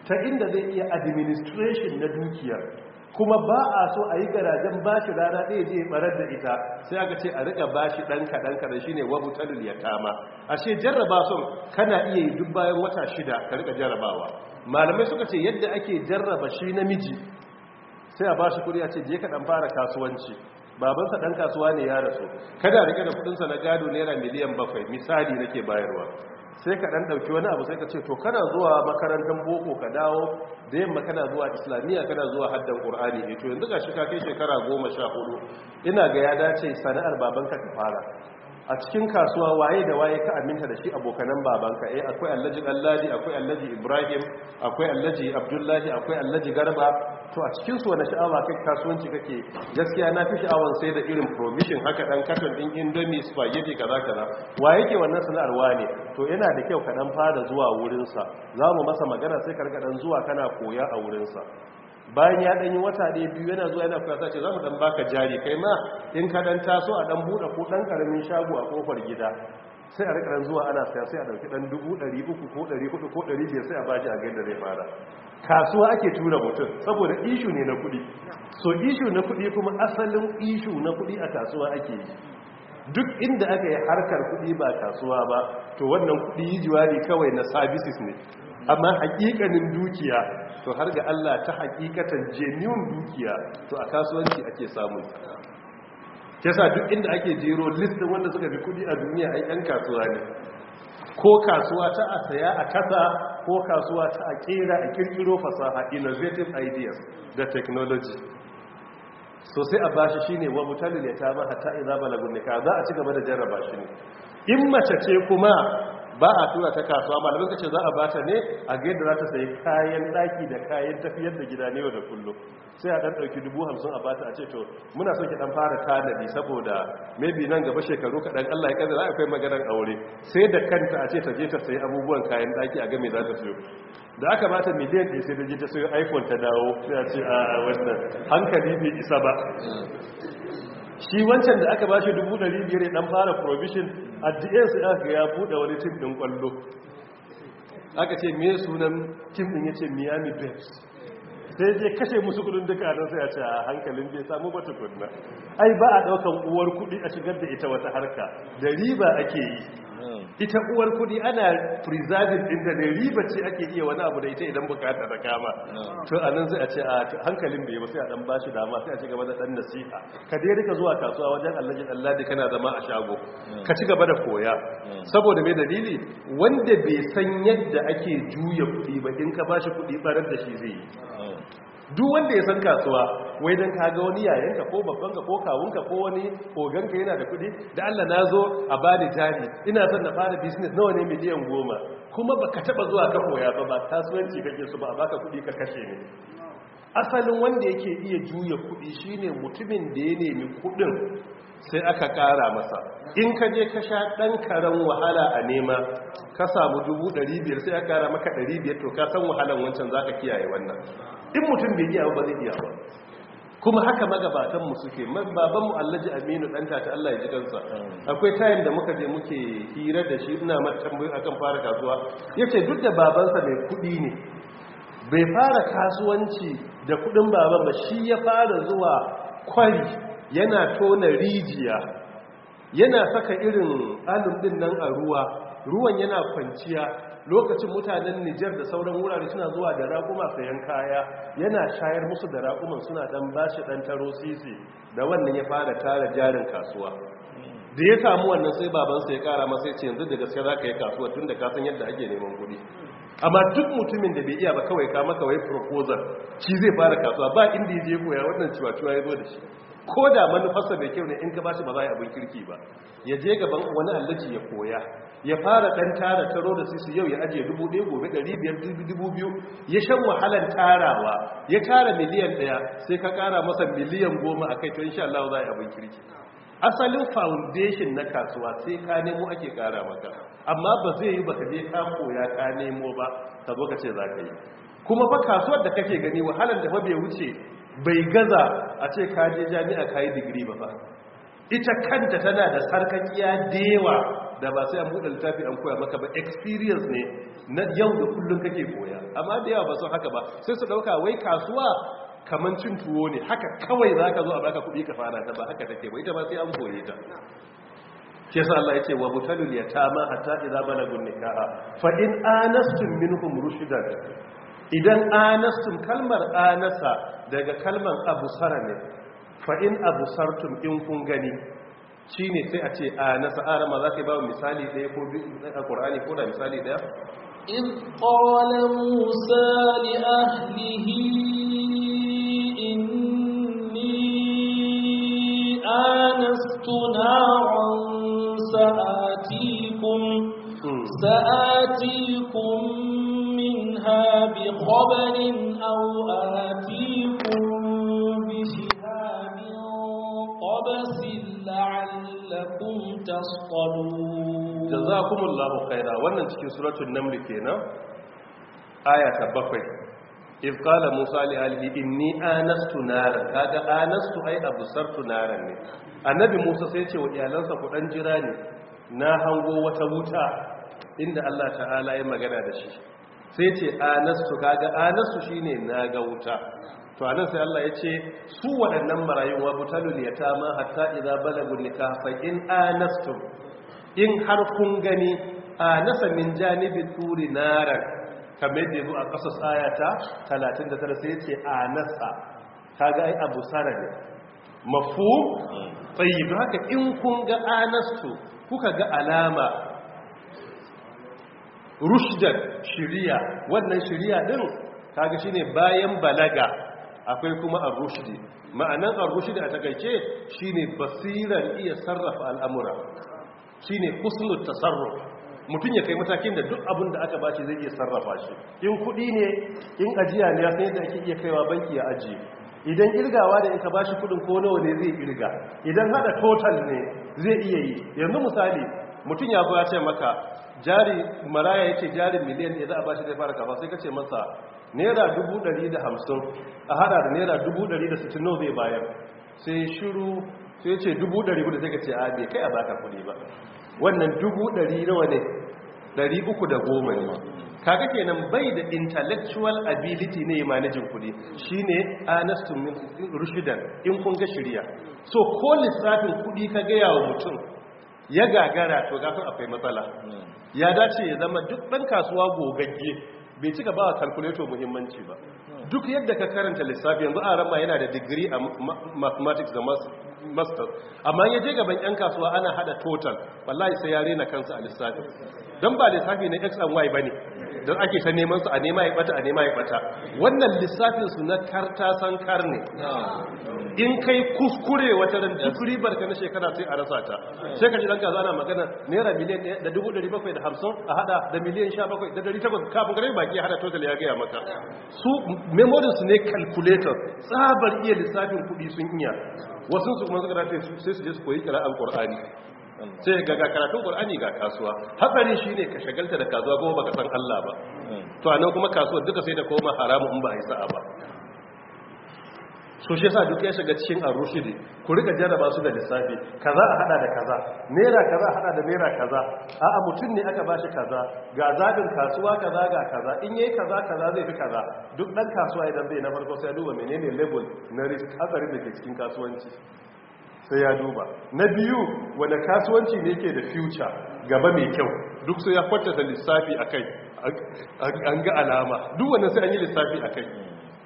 [SPEAKER 1] ta inda zai iya administration na dukiyar kuma ba a so a yi garajen ba shi rana ɗaya zai barar da ita sai aka ce a rika ba shi ɗan kaɗan kaɗan shi ne wabu mutanen ya kama A ce jarraba sun kana iya yi duk bayan wata shida ka rika jarrabawa malamai suka ce yadda ake jarraba shi namiji sai a ba shi kuɗi a ce je ka ɗan fara kasuwanci babansa ɗan kasuwa ne ya rasu kada rike da kudinsa na gado naira miliyan bakwai misali nake bayarwa sai ka dan dauki wani abu sai ka ce to kana zuwa makarantar boko ka dawo da yamma kana zuwa islamiyya kana zuwa haddan qur'ani ne eh, to yanzu shi ka kai shekara 14 ina ga ya dace sana'ar babanka ka fara a cikin kasuwa waye da waye ka aminta da shi abokanan babanka eh akwai allaji allaji akwai allaji ibrahim akwai allaji abdullahi akwai allaji garba to a cikin su wani sha'awa kai kasuwanci kake gaskiya na fi sha'awan sai da irin provision haka dan katon din indomi spaghetti kaza kaza waye yake wannan sana'ar wane to yana da kyau ka dan fara zuwa wurin sa zamu masa magana sai ka riga dan zuwa kana koya a wurin sa bayan ya ɗanyi wata ɗaya biyu yana zuwa yana fata ce za mu ɗan baka jari kai ma in ka ɗan taso a ɗan buɗe ko ɗan ƙaramin shago a ƙofar gida sai a rikarar zuwa ana saya sai a ɗauki ɗan dubu ɗari uku ko ɗari hudu ko ɗari biyar sai a baji a gaida zai fara kasuwa ake tura mutum saboda ishu ne na kuɗi so ishu na kuɗi kuma asalin ishu na kuɗi a kasuwa ake yi duk inda aka yi harkar kuɗi ba kasuwa ba to wannan kuɗi yi jiwari kawai na services ne amma hakikanin dukiya to har ga Allah ta hakikatan genuine dukiya to a kasuwanci ake samun kesa duk inda ake jero list wanda suka fi kudi a duniya ai ɗan kasuwa ne ko kasuwa ta a saya a kasa ko kasuwa ta a kera a kirkiro fasaha innovative ideas da technology so sai a bashi shine wa mutalil ya ba hatta idza balagun nikah za a ci gaba da jarraba shi in mace ce kuma ba a tura ta kasuwa ba, suka ce za a bata ne a ga yadda za ta sayi kayan daki da kayan tafiyar da gida ne da kullum sai a ɗan ɗauki dauki hamsin a bata a ce to muna so ki dan fara tanadi saboda maybe nan gaba shekaru kaɗan Allah ya za a kai maganar aure sai da kanta a ce ta je ta sayi abubuwan kayan daki a ga me za ta sayo da aka bata miliyan ɗaya sai ta je ta sayo iPhone ta dawo sai a ce a wannan hankali bai isa ba shi wancan da aka bashi dubu ɗari biyar ya fara provision a dns aka ya buɗe wani tim ɗin kwallo aka ce me sunan tim din yace ce miami babes sai je kashe musu kudin duka dan sai ya ce a hankalin bai samu ba tukunna ai ba a ɗaukan uwar kuɗi a shigar da ita wata harka da riba ake yi ita uwar kudi ana preserving inda ne riba ce ake iya wani abu da ita idan bukata da kama to a nan zai a ce a hankalin bai ba sai a dan bashi dama sai a ci gaba da dan nasiha ka dai rika zuwa kasuwa wajen allajin allah da kana zama a shago ka ci gaba da koya saboda mai dalili wanda bai san yadda ake juya kudi ba in ka bashi kudi barar da shi zai yi duk wanda ya san kasuwa wai dan ka ga wani yayanka ko babbanka ko kawunka ko wani oganka yana da kudi da Allah na zo a bani jari ina son na fara business nawa ne miliyan goma kuma ba ka taba zuwa ka koya ba ba kasuwanci kake su ba a baka kudi ka kashe ne asalin wanda yake iya juya kudi shine mutumin da ya nemi kudin sai aka kara masa in ka je ka sha dan karan wahala a nema ka samu dubu 500 sai aka kara maka 500 to ka san wahalan wancan zaka kiyaye wannan in mutum bai iya ba zai iya ba kuma haka magabatan mu suke baban mu Allahu Aminu dan tata Allah ya ji kansa akwai tayin da muka je muke hira da shi ina ma tambayi akan fara kasuwa yace duk da babansa mai kudi ne bai fara kasuwanci da kudin baban ba shi ya fara zuwa kwari yana tona rijiya yana saka irin alum din nan a ruwa ruwan yana kwanciya lokacin mutanen Nijar da sauran wurare suna zuwa da raƙuma sayan kaya yana shayar musu da raƙuman suna dan bashi dan taro sisi da wannan ya fara tara jarin kasuwa da ya samu wannan sai babansa ya kara masa yace yanzu da gaske za ka yi kasuwa tun da kasan yadda ake neman kuɗi amma duk mutumin da bai iya ba kawai kama kawai proposal shi zai fara kasuwa ba inda ya je koya wannan ciwaciwa ya zo da shi ko da manufarsa mai kyau ne in ka bashi ba za a yi abin kirki ba ya je gaban wani allaci ya koya ya fara ɗan tara taro da sisi yau ya ajiye dubu ɗaya gobe ɗari biyar dubu biyu ya shan wahalan tarawa ya tara miliyan ɗaya sai ka ƙara masa miliyan goma a kai to insha Allah za a yi abin kirki asalin foundation na kasuwa sai ka nemo ake ƙara maka amma ba zai yi ka je ka koya ka nemo ba ka zo ka ce za ka yi kuma fa kasuwar da kake gani wahalar da fa bai wuce bai gaza a ce kaje jami'a ka yi digiri ba fa ita kanta tana da sarkakiya da yawa da ba sai an buɗe littafi an koya maka ba experience ne na yau da kullum kake koya amma da yawa ba sun haka ba sai su ɗauka wai kasuwa kamar cin tuwo ne haka kawai za ka zo a baka kuɗi ka fara ta ba haka take ba ita ba sai an koye ta ke sa Allah ya ce wa ta ma hatta idza balagun nikaha fa in anastum minhum rushdan idan anastum kalmar anasa daga kalman abusara ne fa'in abusartum in kun gani shi ne sai a ce a nasa ma za ka ba misali daya ko a ƙorani ko da misali ɗaya?
[SPEAKER 6] in ƙwale musa li ahlihi inni anastu naron sa'atikun hmm. sa'atikun min ha bi tasqalun jazakumullahu
[SPEAKER 1] khaira wannan cikin suratul naml kenan aya ta bakwai qala musa li in inni anastu naran kaga anastu ai absartu naran ne annabi musa sai ce wa iyalansa ku dan jira ne na hango wata wuta inda Allah ta'ala ya magana da shi sai ce anastu kaga anastu shine na ga wuta to anan sai Allah ya ce su waɗannan marayun wa butalul ma hatta idza balagu nikah fa in anastum in har kun gani anasa min janibi turi naran kamar da zuwa a kasas ayata 39 sai yace anasa kaga ai abu sara ne mafu tayyib haka in kun ga anastu kuka ga alama rushdan shiriya wannan shiriya din kaga shine bayan balaga akwai kuma ar-rushdi ma'anan ar-rushdi a takaice shine basiran iya sarrafa al'amura shine husnul tasarruf mutum ya kai matakin da duk abin da aka shi zai iya sarrafa shi in kudi ne in ajiya ne ya san yadda ake iya kaiwa banki ya ajiye idan irgawa da ita ka bashi kudin ko nawa ne zai irga idan hada total ne zai iya yi yanzu misali mutum ya ya ce maka jari maraya yake jari miliyan ne za a bashi zai fara kafa sai ka ce masa naira dubu ɗari da hamsin a hada da naira dubu ɗari da sittin nau zai bayar sai shiru sai ce dubu ɗari kudu sai ka ce a bai kai a baka kuɗi ba wannan dubu ɗari nawa ne ɗari uku da goma ne kaga kenan bai da intellectual ability ne manajin kuɗi shine anastu rushidan in kun ga shirya so ko lissafin kuɗi ka gaya wa mutum ya gagara to gafin akwai matsala hmm. ya dace ya zama duk ɗan kasuwa gogagge bai cika ba a kalkuleto muhimmanci ba duk yadda ka karanta lissafi yanzu a ramma yana da digiri a mathematics da masters amma ya je gaban yan kasuwa ana hada total wallahi sai ya na kansa a lissafi don ba lissafi na x and y bane don ake ta neman su a nema ya bata a nema ya bata wannan lissafin su na kartasan san karne in kai kuskure wata ran duk ribar ka na shekara sai a rasa ta sai ka ji dan kasuwa ana magana naira miliyan 1750 a hada da miliyan 17 da 800 kafin gare baki ya hada total ya gaya maka su memory su ne calculator tsabar iya lissafin kudi sun iya wasu su kuma suka dace sai su je su koyi kira alkur'ani sai ga ga karatun qur'ani ga kasuwa hatsari shine ka shagalta da kasuwa ba baka san Allah ba to a nan kuma kasuwar duka sai da koma haramu in ba a yi ba so shi yasa duk ya shiga cikin arushidi ku rika jarraba su da lissafi kaza a hada da kaza naira kaza a hada da naira kaza a'a mutum ne aka bashi kaza ga zabin kasuwa kaza ga kaza in yayi kaza kaza zai fi kaza duk dan kasuwa idan zai na farko sai duba menene level na risk hatsari da ke cikin kasuwanci sai ya duba na biyu wane kasuwanci ne ke da future gaba mai kyau duk sai ya da lissafi a kai an ga alama duk wannan sai an yi lissafi a kai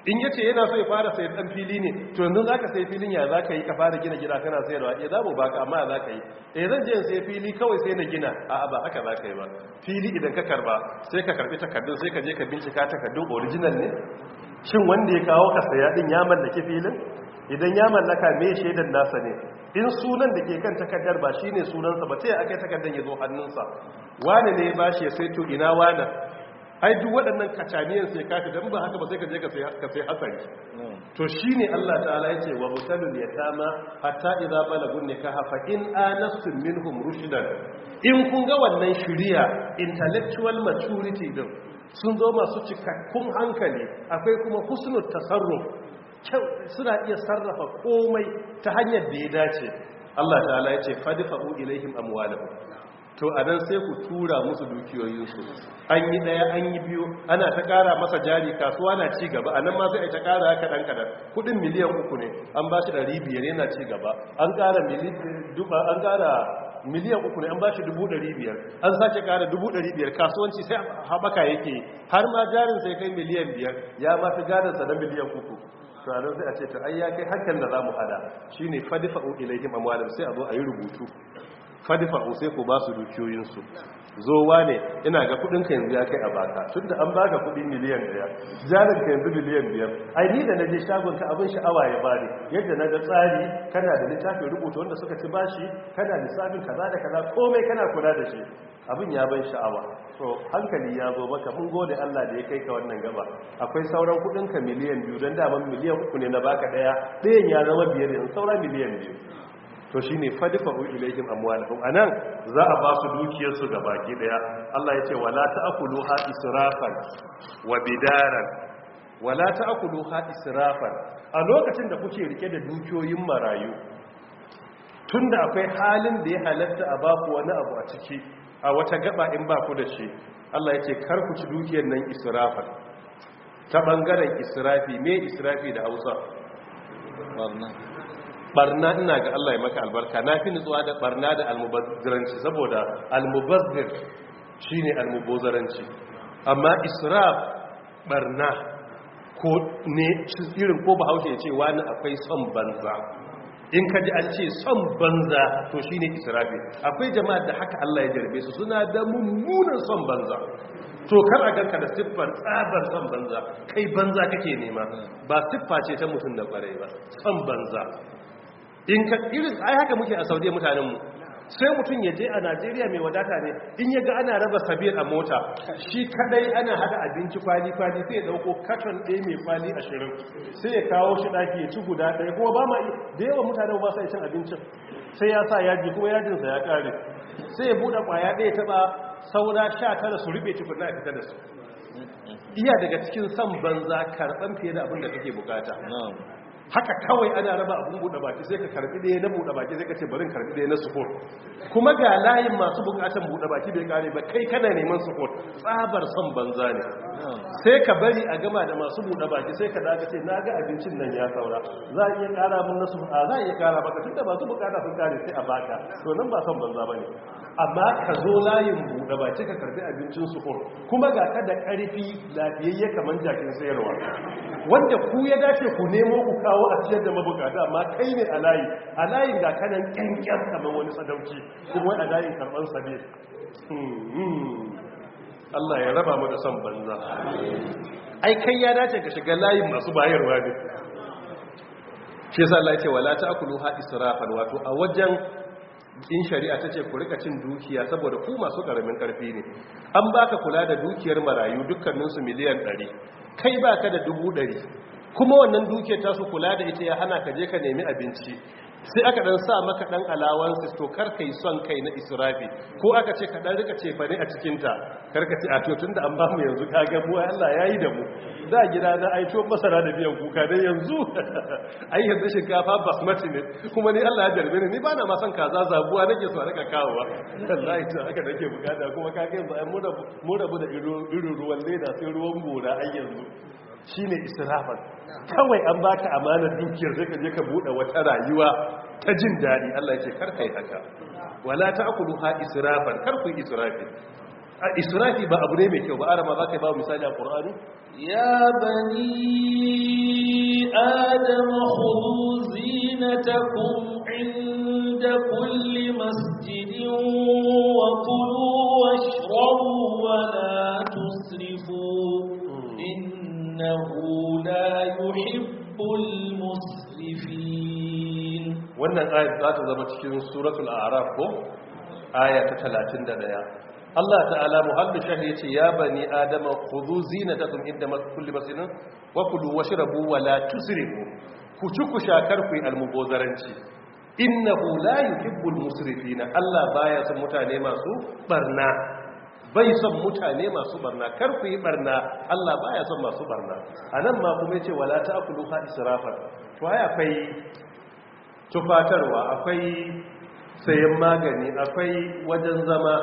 [SPEAKER 1] in yace yana so ya fara sayar dan fili ne to yanzu zaka sai filin ya zaka yi ka fara gina gida kana sayarwa eh zamu baka amma zaka yi eh zan je in sai fili kawai sai na gina a'a ba haka zaka yi ba fili idan ka karba sai ka karbi takardun sai ka je ka bincika takardun original ne shin wanda ya kawo ka saya din ya mallaki filin idan ya mallaka me shaidan nasa ne in sunan da ke kan takardar ba shine sunansa ba sai akai takardar ya zo hannunsa wani ne ba shi sai to ina wani ai duk waɗannan kacaniyan sai kafi dan ba haka ba sai ka je ka sai hasari to shine Allah ta'ala yace wa mutalul yatama hatta idza balagun nikaha fa in anasun minhum rushdan in kun ga wannan shiriya intellectual maturity din sun zo masu cikakkun hankali akwai kuma husnul tasarruf kyau suna iya sarrafa komai ta hanyar da ya dace Allah ta'ala ya ce fadi fa'u ilaihim amwalahum to anan sai ku tura musu dukiyoyinsu an yi daya an yi biyu ana ta kara masa jari kasuwa na ci gaba anan ma sai ta kara haka dan kadan kudin miliyan uku ne an ba shi 500 yana ci gaba an kara miliyan duba an kara miliyan uku ne an ba shi dubu ɗari biyar an sake ƙara dubu ɗari biyar kasuwanci sai haɓaka yake har ma jarin sai kai miliyan biyar ya ma fi sa na miliyan uku tunanin sai a ce ta ai ya kai hakan da za mu hada shi ne fadifa ilai him sai a zo a yi rubutu Fadifa sai ku ba su dukiyoyinsu zowa ne ina ga kudinka yanzu ya kai a baka tun da an baka kuɗi miliyan daya ka yanzu miliyan biyar ai ni da je shagon ka abin sha'awa ya bani yadda na ga tsari kana da littafin rubuta wanda suka ci bashi kana lissafin kaza da kaza komai kana kula da shi abin ya ban sha'awa To hankali ya zo maka mun gode Allah da ya kai ka wannan gaba akwai sauran kuɗinka miliyan biyu don daman miliyan uku ne na baka daya ɗayan ya zama biyar yanzu sauran miliyan biyu to shi ne shine fadfa'u ilayhim a nan za a ba su ga ga baki daya Allah ya yace wala ta'kuluha israfan wa bidaran wala ta'kuluha israfan a lokacin da kuke rike da dukiyoyin marayu tun da akwai halin da ya halatta a baku wani abu a ciki a wata gaba in baku da shi Allah yace kar ku ci dukiyar nan israfan ta bangaren israfi me israfi da Hausa barna ina ga Allah ya maka albarka na fi nutsuwa da barna da almubazziranci saboda almubazzir shine almubazzaranci amma israf barna ko ne irin ko bahaushe ya ce wani akwai son banza in kaji an ce son banza to shine israfi akwai jama'a da haka Allah ya jarbe su suna da mummunan son banza to kar a ganka da siffar tsabar son banza kai banza kake nema ba siffa ce ta mutum da kwarai ba son banza in ka irin ai haka muke a saudiya mutanenmu sai mutum ya je a najeriya mai wadata ne in ya ga ana raba sabir a mota shi kadai ana haɗa abinci kwali-kwali sai ya dauko katon ɗaya mai kwali ashirin sai ya kawo shi ɗaki ya ci guda ɗaya kuma ba ma da yawan mutanen ba sa cin abincin sai ya sa yaji kuma yajinsa ya ƙare sai ya buɗe ƙwaya ɗaya taɓa saura sha tara su rube tukunna a fita da su iya daga cikin son banza karɓan fiye da abin da kake bukata haka kawai ana raba abun buɗe baki sai ka karbi ɗaya na buɗe baki sai ka ce barin karbi ɗaya na support kuma ga layin masu bukatan buɗe baki bai kare ba kai kana neman support tsabar son banza ne sai ka bari a gama da masu buɗe baki sai ka daga ce na ga abincin nan ya saura za a iya kara mun na support za a iya kara tun tunda masu bukata sun kare sai a baka to nan ba son banza bane amma ka zo layin buɗe baki ka karbi abincin support kuma ga ka da ƙarfi lafiyayye kamar jakin sayarwa wanda ku ya dace ku nemo ku kawo kawo a ciyar da mabuka, amma kai ne a layi a layin ga kanan kyankyan kamar wani sadauki kuma a layin karɓar sa ne hmm. Allah ya raba mu da son banza ai kai ya dace ka shiga layin masu bayarwa ne shi yasa Allah ce wala ha israfan wato a wajen in shari'a tace ku rika cin dukiya saboda ku masu karamin karfi ne an baka kula da dukiyar marayu dukkaninsu miliyan 100 kai baka da dubu ɗari. kuma wannan duke ta su kula da ita ya hana ka je ka nemi abinci sai aka dan sa maka dan alawansu to kar kai son kai na israfi ko aka ce ka dan rika cefane ne a cikin ta kar ka ce a to tunda an ba mu yanzu ka ga mu Allah yayi da mu da gida na ai to masara da biyan kuka dan yanzu ai yanzu shinkafa basmati ne kuma ni Allah ya jarbe ni ba na ma son kaza zabuwa nake so a rika kawowa wallahi to haka nake bukata kuma ka ga yanzu ai mu da mu da irin ruwan leda sai ruwan gora ai yanzu shi ne israfar kawai an ba ka amanar dukiyar zai ka je ka buɗe wata rayuwa ta jin daɗi Allah ce kar kai haka wala ta akulu ha israfar kar ku israfi israfi ba abu ne mai kyau ba arama za ka ba misali a ƙorani
[SPEAKER 6] ya bani adam khudu zinatakum inda kulli masjidin wa kulu washrabu wa la إنه لا يحب
[SPEAKER 1] wannan ayat za ta zama cikin suratul a'raf ko aya ta 31 Allah ta'ala muhallu shahi yace ya bani adama khudhu zinatakum inda kulli masinin wa kulu washrabu wa la tusrifu ku ci ku shakar ku almubozaranci innahu la yuhibbul musrifina Allah baya son mutane masu barna bai son mutane masu barna kar ku barna Allah baya son masu barna anan ma kuma yace wala ta'kuluha israfa to haya kai tufatarwa akwai sayan magani akwai wajen zama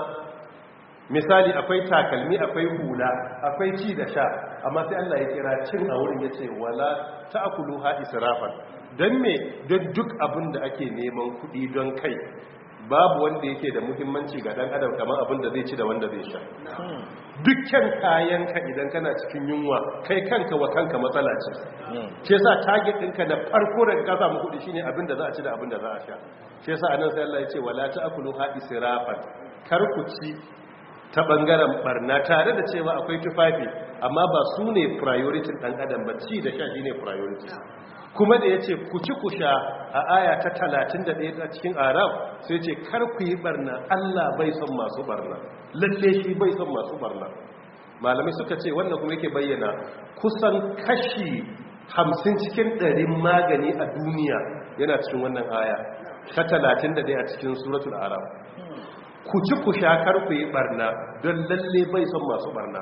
[SPEAKER 1] misali akwai takalmi akwai hula akwai ci da sha amma sai Allah ya kira cin a wurin yace wala ta'kuluha israfa dan me duk abin da ake neman kuɗi don kai babu wanda yake da muhimmanci ga dan adam kamar abin da zai ci da wanda zai sha dukkan kayanka idan kana cikin yunwa kai kanka wa kanka matsala ce ke sa target ɗinka na farko da ka samu kuɗi shine abin da za a ci da abin da za a sha ke sa anan sai Allah ya ce wala ta'kulu ha israfan kar ku ci ta bangaren barna tare da cewa akwai tufafi amma ba su ne priority ɗan adam ba ci da sha shine priority kuma da yace ku ci ku sha a aya ta 31 a cikin arab sai ce kar ku yi barna Allah bai son masu barna lalle shi bai son masu barna malamai suka ce wannan kuma yake bayyana kusan kashi 50 cikin 100 magani a duniya yana cikin wannan aya ta 31 a cikin suratul arab ku ci ku kar ku yi barna don lalle bai son masu barna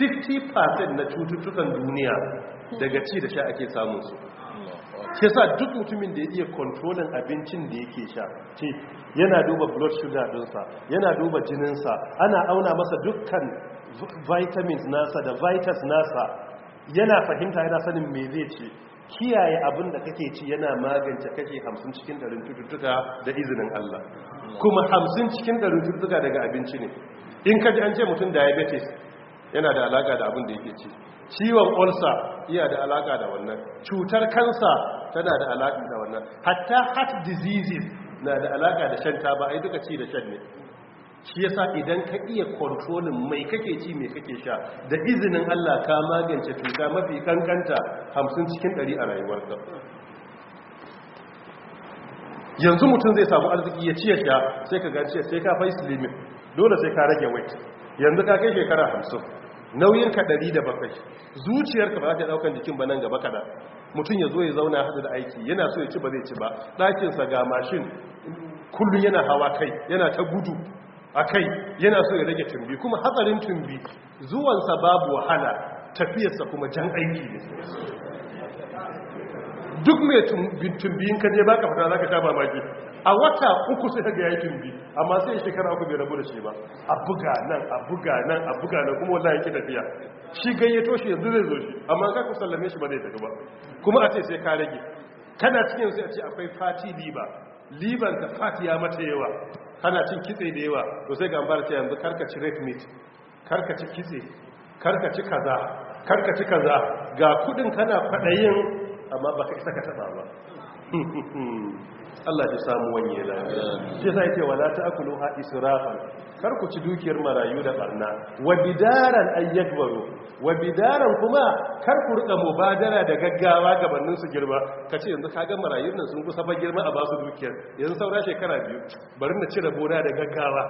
[SPEAKER 1] 50% na cututtukan duniya daga ci da sha ake samun su Ke sa duk mutumin da ya iya kontrolin abincin da yake sha ce yana duba blood sugar dinsa yana duba jininsa ana auna masa dukkan vitamins nasa da vitas nasa yana fahimta yana sanin me zai ce kiyaye abin da kake ci yana magance kake hamsin cikin ɗarin cututtuka da izinin Allah kuma hamsin cikin ɗarin cututtuka daga abinci ne in ka ji an ce mutum diabetes yana da alaka da abin da yake ci ciwon ulcer iya da alaka da wannan cutar kansa tana da alaka da wannan hatta heart diseases na da alaka da shan taba ai duka ci da shan ne shi yasa idan ka iya kontrolin mai kake ci mai kake sha da izinin Allah ka magance cuta mafi kankanta 50 cikin 100 a rayuwarka yanzu mutum zai samu arziki ya ci ya sha sai ka gaci sai ka fai slimin dole sai ka rage weight yanzu ka kai shekara hamsin nauyinka ɗari da bakwai zuciyarka ba za ta ɗaukan jikin ba nan gaba kaɗan mutum ya zo ya zauna haɗu da aiki yana so ya ci ba zai ci ba ɗakinsa ga mashin kullum yana hawa kai yana ta gudu a kai yana so ya rage tumbi kuma hatsarin tumbi zuwansa babu wahala tafiyarsa kuma jan aiki ne duk mai tumbiyin ka je baka fata zaka sha mamaki a wata uku sai ka ga yayi tumbi amma sai shekara uku bai rabu da shi ba a buga nan a buga nan a buga nan kuma wallahi yake tafiya shi gayyato shi yanzu zai zo shi amma ka ku sallame shi ba zai tafi ba kuma a ce sai ka rage kana cikin yanzu a ce akwai fati liba liban ta fati ya mata yawa kana cin kitse da yawa to sai ga fara ta yanzu karka ci red meat karka ci kitse karka ci kaza karka ci kaza ga kudin kana fadayin amma ba ka isa ka taba ba Allah ya samu wanye lafiya shi yasa yake wala ta'kuluha israfan kar ku ci dukiyar marayu da barna wa bidaran ayyakbaru wa bidaran kuma karku rika mubadara da gaggawa gabanin su girma kace yanzu ga marayun nan sun kusa ba girma a basu dukiyar yanzu saura shekara biyu bari na cire boda da gaggawa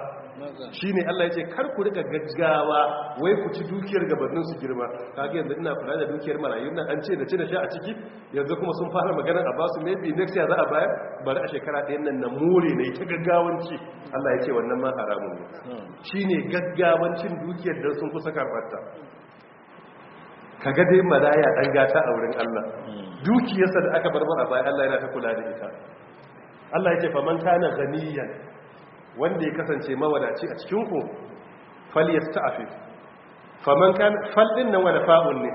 [SPEAKER 1] shine Allah yace kar ku rika gaggawa wai ku ci dukiyar gabanin su girma kaga yanzu ina kula da dukiyar marayun nan an ce da ci da sha a ciki yanzu kuma sun fara magana a basu maybe next year za a bayar bari a shekara ɗayan nan na more ne ta gaggawanci Allah yace wannan ma haramun ne Shi ne gaggawancin dukiyar da sun kusa karbarta
[SPEAKER 4] Ka gade maraya dan gata
[SPEAKER 1] a wurin Allah dukiyarsa da aka barbar a bayan Allah yana ta kula da ita Allah yake faman kana ganiyan wanda ya kasance mawadaci a cikinku, ya ku afi faman kana fal nan wani fa'un ne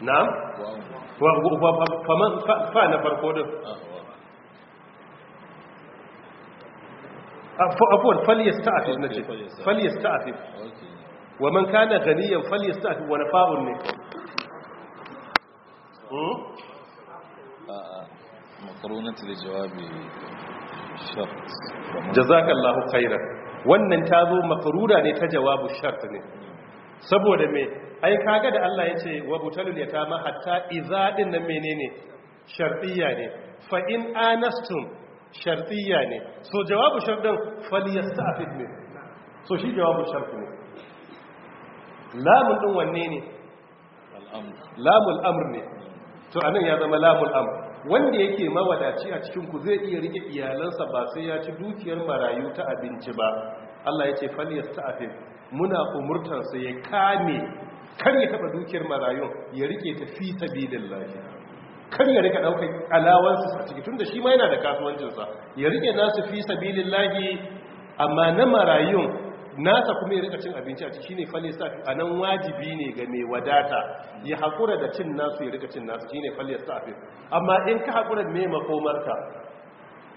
[SPEAKER 1] Na? fa na farko din ah, afuwan na ce falyasta'afif wa man kana ganiyan falyasta'afif wa nafa'un ne hmm? makaronatu da jawabi shart jazakallahu khairan wannan zo makarura ne ta jawabu shart ne saboda me ai kaga da Allah ce wa butalul yatama hatta idza din nan menene shartiyya ne fa in anastum shartiyya ne so jawabu faliyasta a ne so shi jawabu shart ne lamun ɗin wanne ne lamul amur ne to anan ya zama lamun amur wanda yake mawadaci a cikin ku zai iya rike iyalansa ba sai ya ci dukiyar marayu ta abinci ba Allah ya ce fit muna umurtansa ya kame kar ya taɓa dukiyar marayun ya rike ta fi lafiya kar ya rika daukar alawansu a ciki tun da shi ma yana da kasuwancinsa ya rike nasu fi lagi amma na marayun nasa kuma ya rika cin abinci a ciki shine a nan wajibi ne ga mai wadata ya haƙura da cin nasu ya rika cin nasu shine falsafa amma in ka hakura me makomarka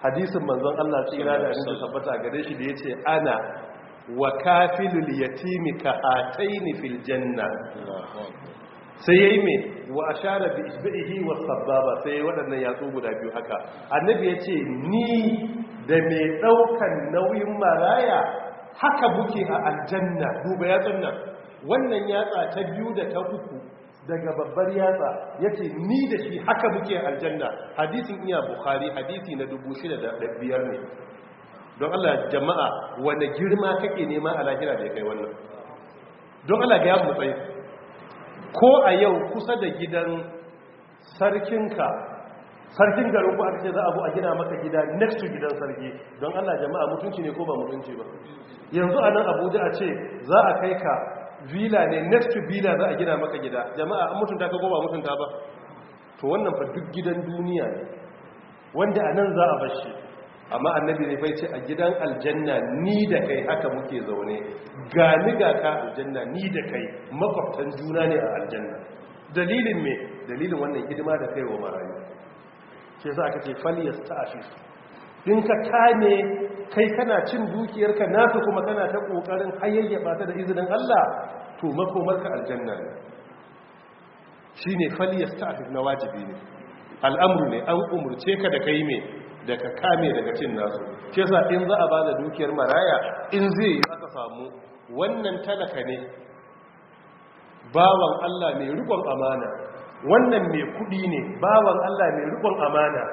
[SPEAKER 1] hadisin manzon Allah tsira da annabi tabbata gare shi da ya ce ana wa kafilul yatimi ka ataini fil janna sai ya yayi mai wa share da isbihi was sababa sai waɗannan yatsu guda biyu haka annabi ya ce ni da mai ɗaukan nauyin maraya haka buke a aljanna duba yatsun nan wannan yatsa ta biyu da ta uku daga babbar yatsa Ya ce ni da shi haka muke aljanna hadisin iya bukhari hadisi na dubu shida da ɗabbiyar ne don Allah jama'a wani girma kake nema a lahira da ya kai wannan don Allah ga ya tsaye. ko a yau kusa da gidan sarkinka sarkin garin ku ake ce za a bu a gina maka gida next to gidan sarki don allah jama'a mutunci ne ko ba mutunci ba yanzu a nan abuja a ce za a kai ka villa ne next to villa za a gina maka gida jama'a an mutunta ka ko ba mutunta ba to wannan fa duk gidan duniya ne wanda a nan za a bashi. amma annabi ne bai ce a gidan aljanna ni da kai haka muke zaune ga ni ga ka aljanna ni da kai makwabtan juna ne a aljanna dalilin me dalilin wannan hidima da kai wa marayu ke za ka ce faliyas ta afif in ka kame kai kana cin dukiyarka nasu kuma kana ta kokarin ba ta da izinin Allah to makomarka aljanna ne shine faliyas ta na wajibi ne al'amru ne an umurce ka da kai me da kame daga cin nasu ke sa in za a ba da dukiyar maraya in zai yi aka samu wannan talaka ne bawan Allah mai rikon amana wannan mai kudi ne bawan Allah mai rikon amana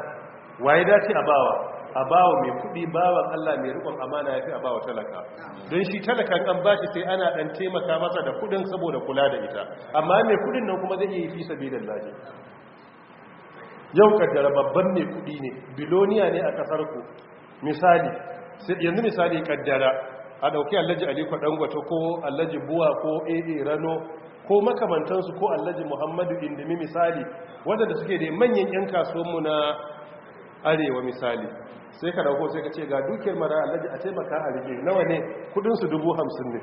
[SPEAKER 1] waye dace a bawa a bawa mai kudi bawan Allah mai rikon amana ya yafi a bawa talaka don shi talakan an shi sai ana dan taimaka masa da kudin saboda kula da ita amma mai kudin nan kuma zai iya yi fi sabilillah yau kaddara babban ne kudi ne biloniya ne a kasar ku misali yanzu misali kaddara a dauki alhaji aliko dangote ko allaji buwa ko aa rano ko makamantansu ko allaji muhammadu indimi misali waɗanda suke da manyan 'yan kasuwanmu na arewa misali sai ka dauko sai ka ce ga dukiyar mara allaji a taimaka a rike nawa ne kudinsu dubu hamsin ne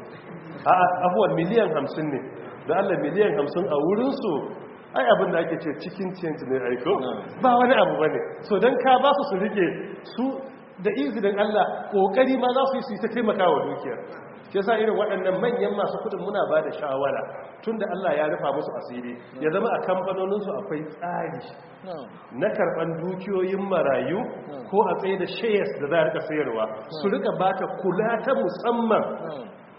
[SPEAKER 1] a afuwan miliyan hamsin ne da allah miliyan hamsin a wurinsu ai abin da ake ce cikin change ne aiko ba wani abu bane so dan ka ba su su rike su da izinin Allah kokari ma za su yi su ta taimaka wa dukiyar ke sa irin waɗannan manyan masu kudin muna ba da shawara tun Allah ya rufa musu asiri ya zama a kamfanoninsu akwai tsari na karɓar dukiyoyin marayu ko a tsaye da shayas da za a rika sayarwa su rika ta kula ta musamman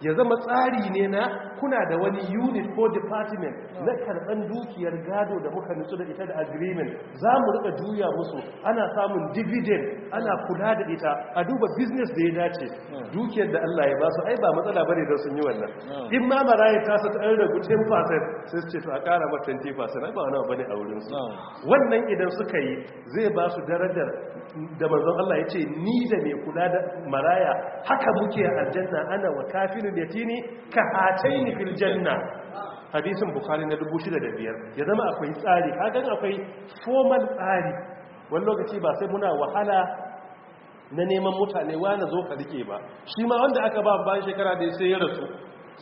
[SPEAKER 1] ya zama tsari ne na kuna da wani unit ko department na karɓar dukiyar gado da muka nutsu da ita da agreement za mu rika juya musu ana samun dividend ana kula da ita a duba business da ya dace dukiyar da Allah ya basu su ai ba matsala bane don sun yi wannan in ma maraya ta sa an ragu 10% sai su ce to a ƙara ma 20% ai ba wani bane a wurin su wannan idan suka yi zai ba su darajar da manzon Allah ya ce ni da mai kula da maraya haka muke a aljanna ana wa kafin. yatini ka hataini fil janna hadisin bukhari na 6500 ya zama akwai tsari hakan akwai formal tsari wani lokaci ba sai muna wahala na neman mutane wani zo ka rike ba shi ma wanda aka ba bayan shekara da sai ya rasu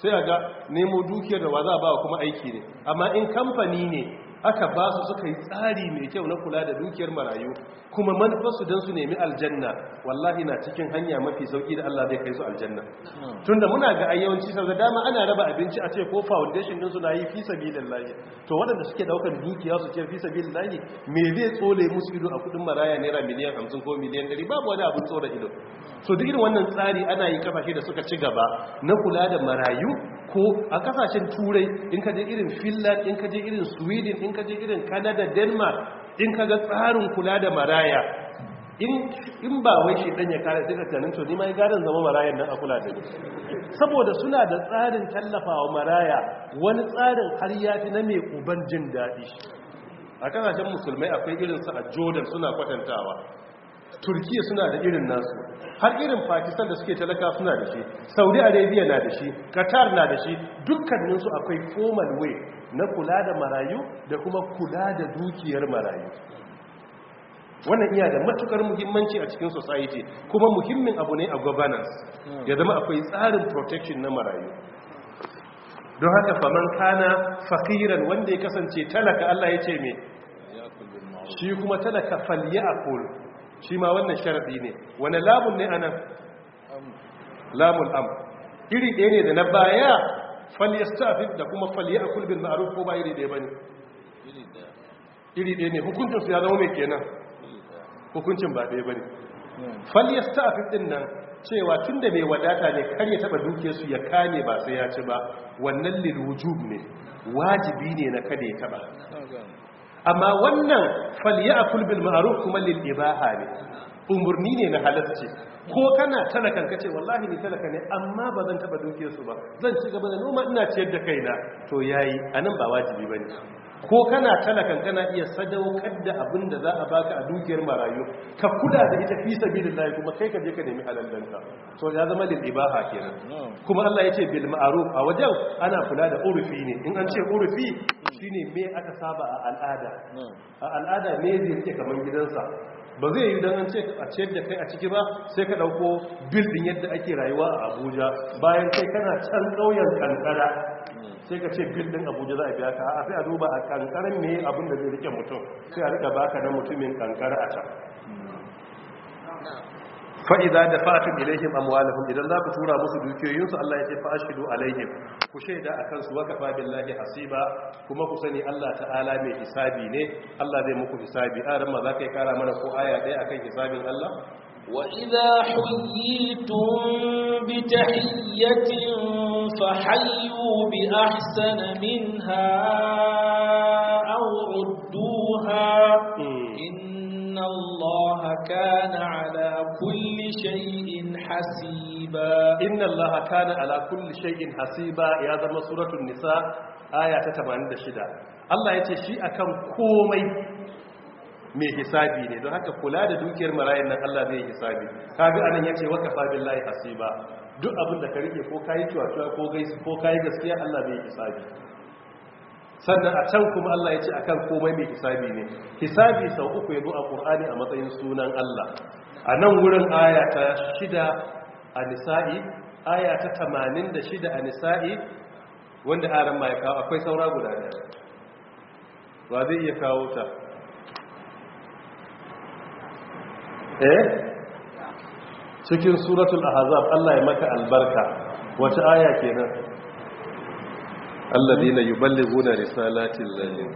[SPEAKER 1] sai a ga nemo dukiyar da wa za a ba kuma aiki ne amma in kamfani ne aka ba su suka yi tsari mai kyau na kula da dukiyar marayu kuma manufarsu don su nemi aljanna wallahi na cikin hanya mafi sauki da Allah zai kai su aljanna tunda muna ga ayyawanci sau da dama ana raba abinci a ce ko foundation din su na yi fi layi to waɗanda suke daukar dukiya su ce bilin layi me zai tsole musu ido a kudin maraya naira miliyan hamsin ko miliyan 100 babu wani abin tsora ido so duk irin wannan tsari ana yi kafashe da suka ci gaba na kula da marayu ko a kasashen turai in ka je irin finland in ka je irin sweden in ka je irin canada denmark in ka ga tsarin kula da maraya in ba wai shi ɗan ya kare suka ka to nima ya garin zama marayan nan a kula da ni saboda suna da tsarin tallafawa maraya wani tsarin har ya fi na mai uban jin daɗi a kasashen musulmai akwai irinsu a jordan suna kwatantawa turkiya suna da irin nasu har irin pakistan da suke talaka suna da shi saudi arabia na da shi qatar na da shi dukkaninsu akwai formal way na kula da marayu da kuma kula da dukiyar marayu wannan iya da matukar muhimmanci a cikin society kuma muhimmin abu ne a governance ya zama akwai tsarin protection na marayu don haka faman kana fakiran wanda ya kasance talaka Allah ya ce me shi kuma talaka falyakul shi ma wannan sharadi ne wani lamun ne anan lamun am iri ɗaya ne da na baya falyastafid da kuma falyakul bil ma'ruf ko ba iri ɗaya bane iri ɗaya ne hukuncin su ya zama mai kenan hukuncin ba ɗaya bane falyastafid din nan cewa tunda mai wadata ne kar ya taba dukiyar su ya kane ba sai ya ci ba wannan lil wujub ne wajibi ne na kada ya taɓa. amma wannan falyakul bil ma'ruf kuma lil ibaha ne umurni ne na halarci ko kana talakan kace wallahi ni talaka ne amma ba zan taba su ba zan ci gaba da noma ina ciyar da kaina to yayi anan ba wajibi bane ko kana talakan kana iya sadaukar da abin da za a baka a dukiyar marayu ka kula da ita fi sabilillah kuma kai ka je ka nemi halallanka so ya zama lil ibaha kenan kuma Allah yace bil ma'ruf a wajen ana kula da urufi ne in an ce urufi shine me aka saba a al'ada a al'ada me zai yake kaman gidansa ba zai yi don an ce a ce da kai a ciki ba sai ka ɗauko bildin yadda ake rayuwa a abuja bayan kai kana can ƙauyen kankara sai ka ce bil ɗin abuja za a biya ka a sai a duba a kankarar ne abin da zai rike mutum sai a rika baka na mutumin kankara a can fa'iza da fa'atun ilaihim amwalahum idan za ku tura musu dukiyoyinsu Allah ya ce fa'ashidu alaihim ku shaida a kansu waka fabin lahi hasiba kuma ku sani Allah ta'ala mai hisabi ne Allah zai muku hisabi a ma za ka yi kara mana ko aya ɗaya akan hisabin Allah
[SPEAKER 6] وإذا حييتم بتحية فحيوا بأحسن منها أو ردوها إن الله كان على كل شيء
[SPEAKER 1] حسيبا إن الله كان على كل شيء حسيبا يا ذا سورة النساء آية 86 Allah ya ce shi akan komai mai hisabi ne don haka kula da dukiyar marayan nan Allah zai hisabi kaga anan yace wa kafa billahi hasiba duk abin da ka rike ko kai tuwa ko gaisu ko kai gaskiya Allah zai hisabi sannan a can kuma Allah yace akan komai mai hisabi ne hisabi sau uku yazo a Qur'ani a matsayin sunan Allah a nan wurin aya ta 6 a nisa'i aya ta 86 a nisa'i wanda aran mai kawo akwai saura guda ɗaya wa zai iya kawo ta Eh? cikin suratul ahzab Allah ya maka albarka wata aya kenan alladhina yuballighuna risalati llahi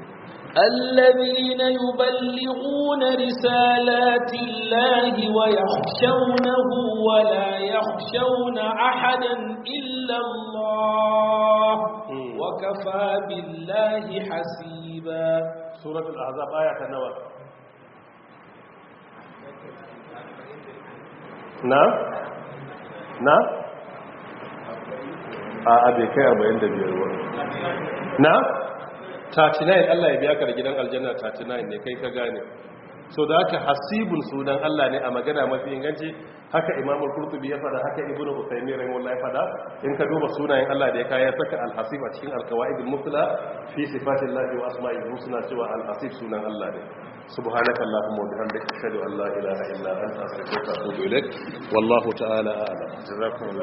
[SPEAKER 6] alladhina yuballighuna risalati llahi wa yakhshawnahu wa la yakhshawna ahadan illa Allah hmm. wa kafa
[SPEAKER 1] billahi hasiba suratul ahzab aya ta nawa na na a 45
[SPEAKER 4] na 39 Allah ya biya
[SPEAKER 1] ka da gidan aljanna 39 ne kai ka gane so da haka hasibun sunan Allah ne a magana mafi inganci haka imamul kurtubi ya fada haka ibnu usaymi rahimahullahi fada in ka duba sunayen Allah da ya kai ya saka al a cikin al-qawaid al-mufla fi sifatillahi wa asma'ihi husna cewa al-hasib sunan Allah ne subhanaka
[SPEAKER 2] allahumma wa bihamdika ashhadu an la ilaha illa anta astaghfiruka wa atubu ilaik wallahu ta'ala a'lam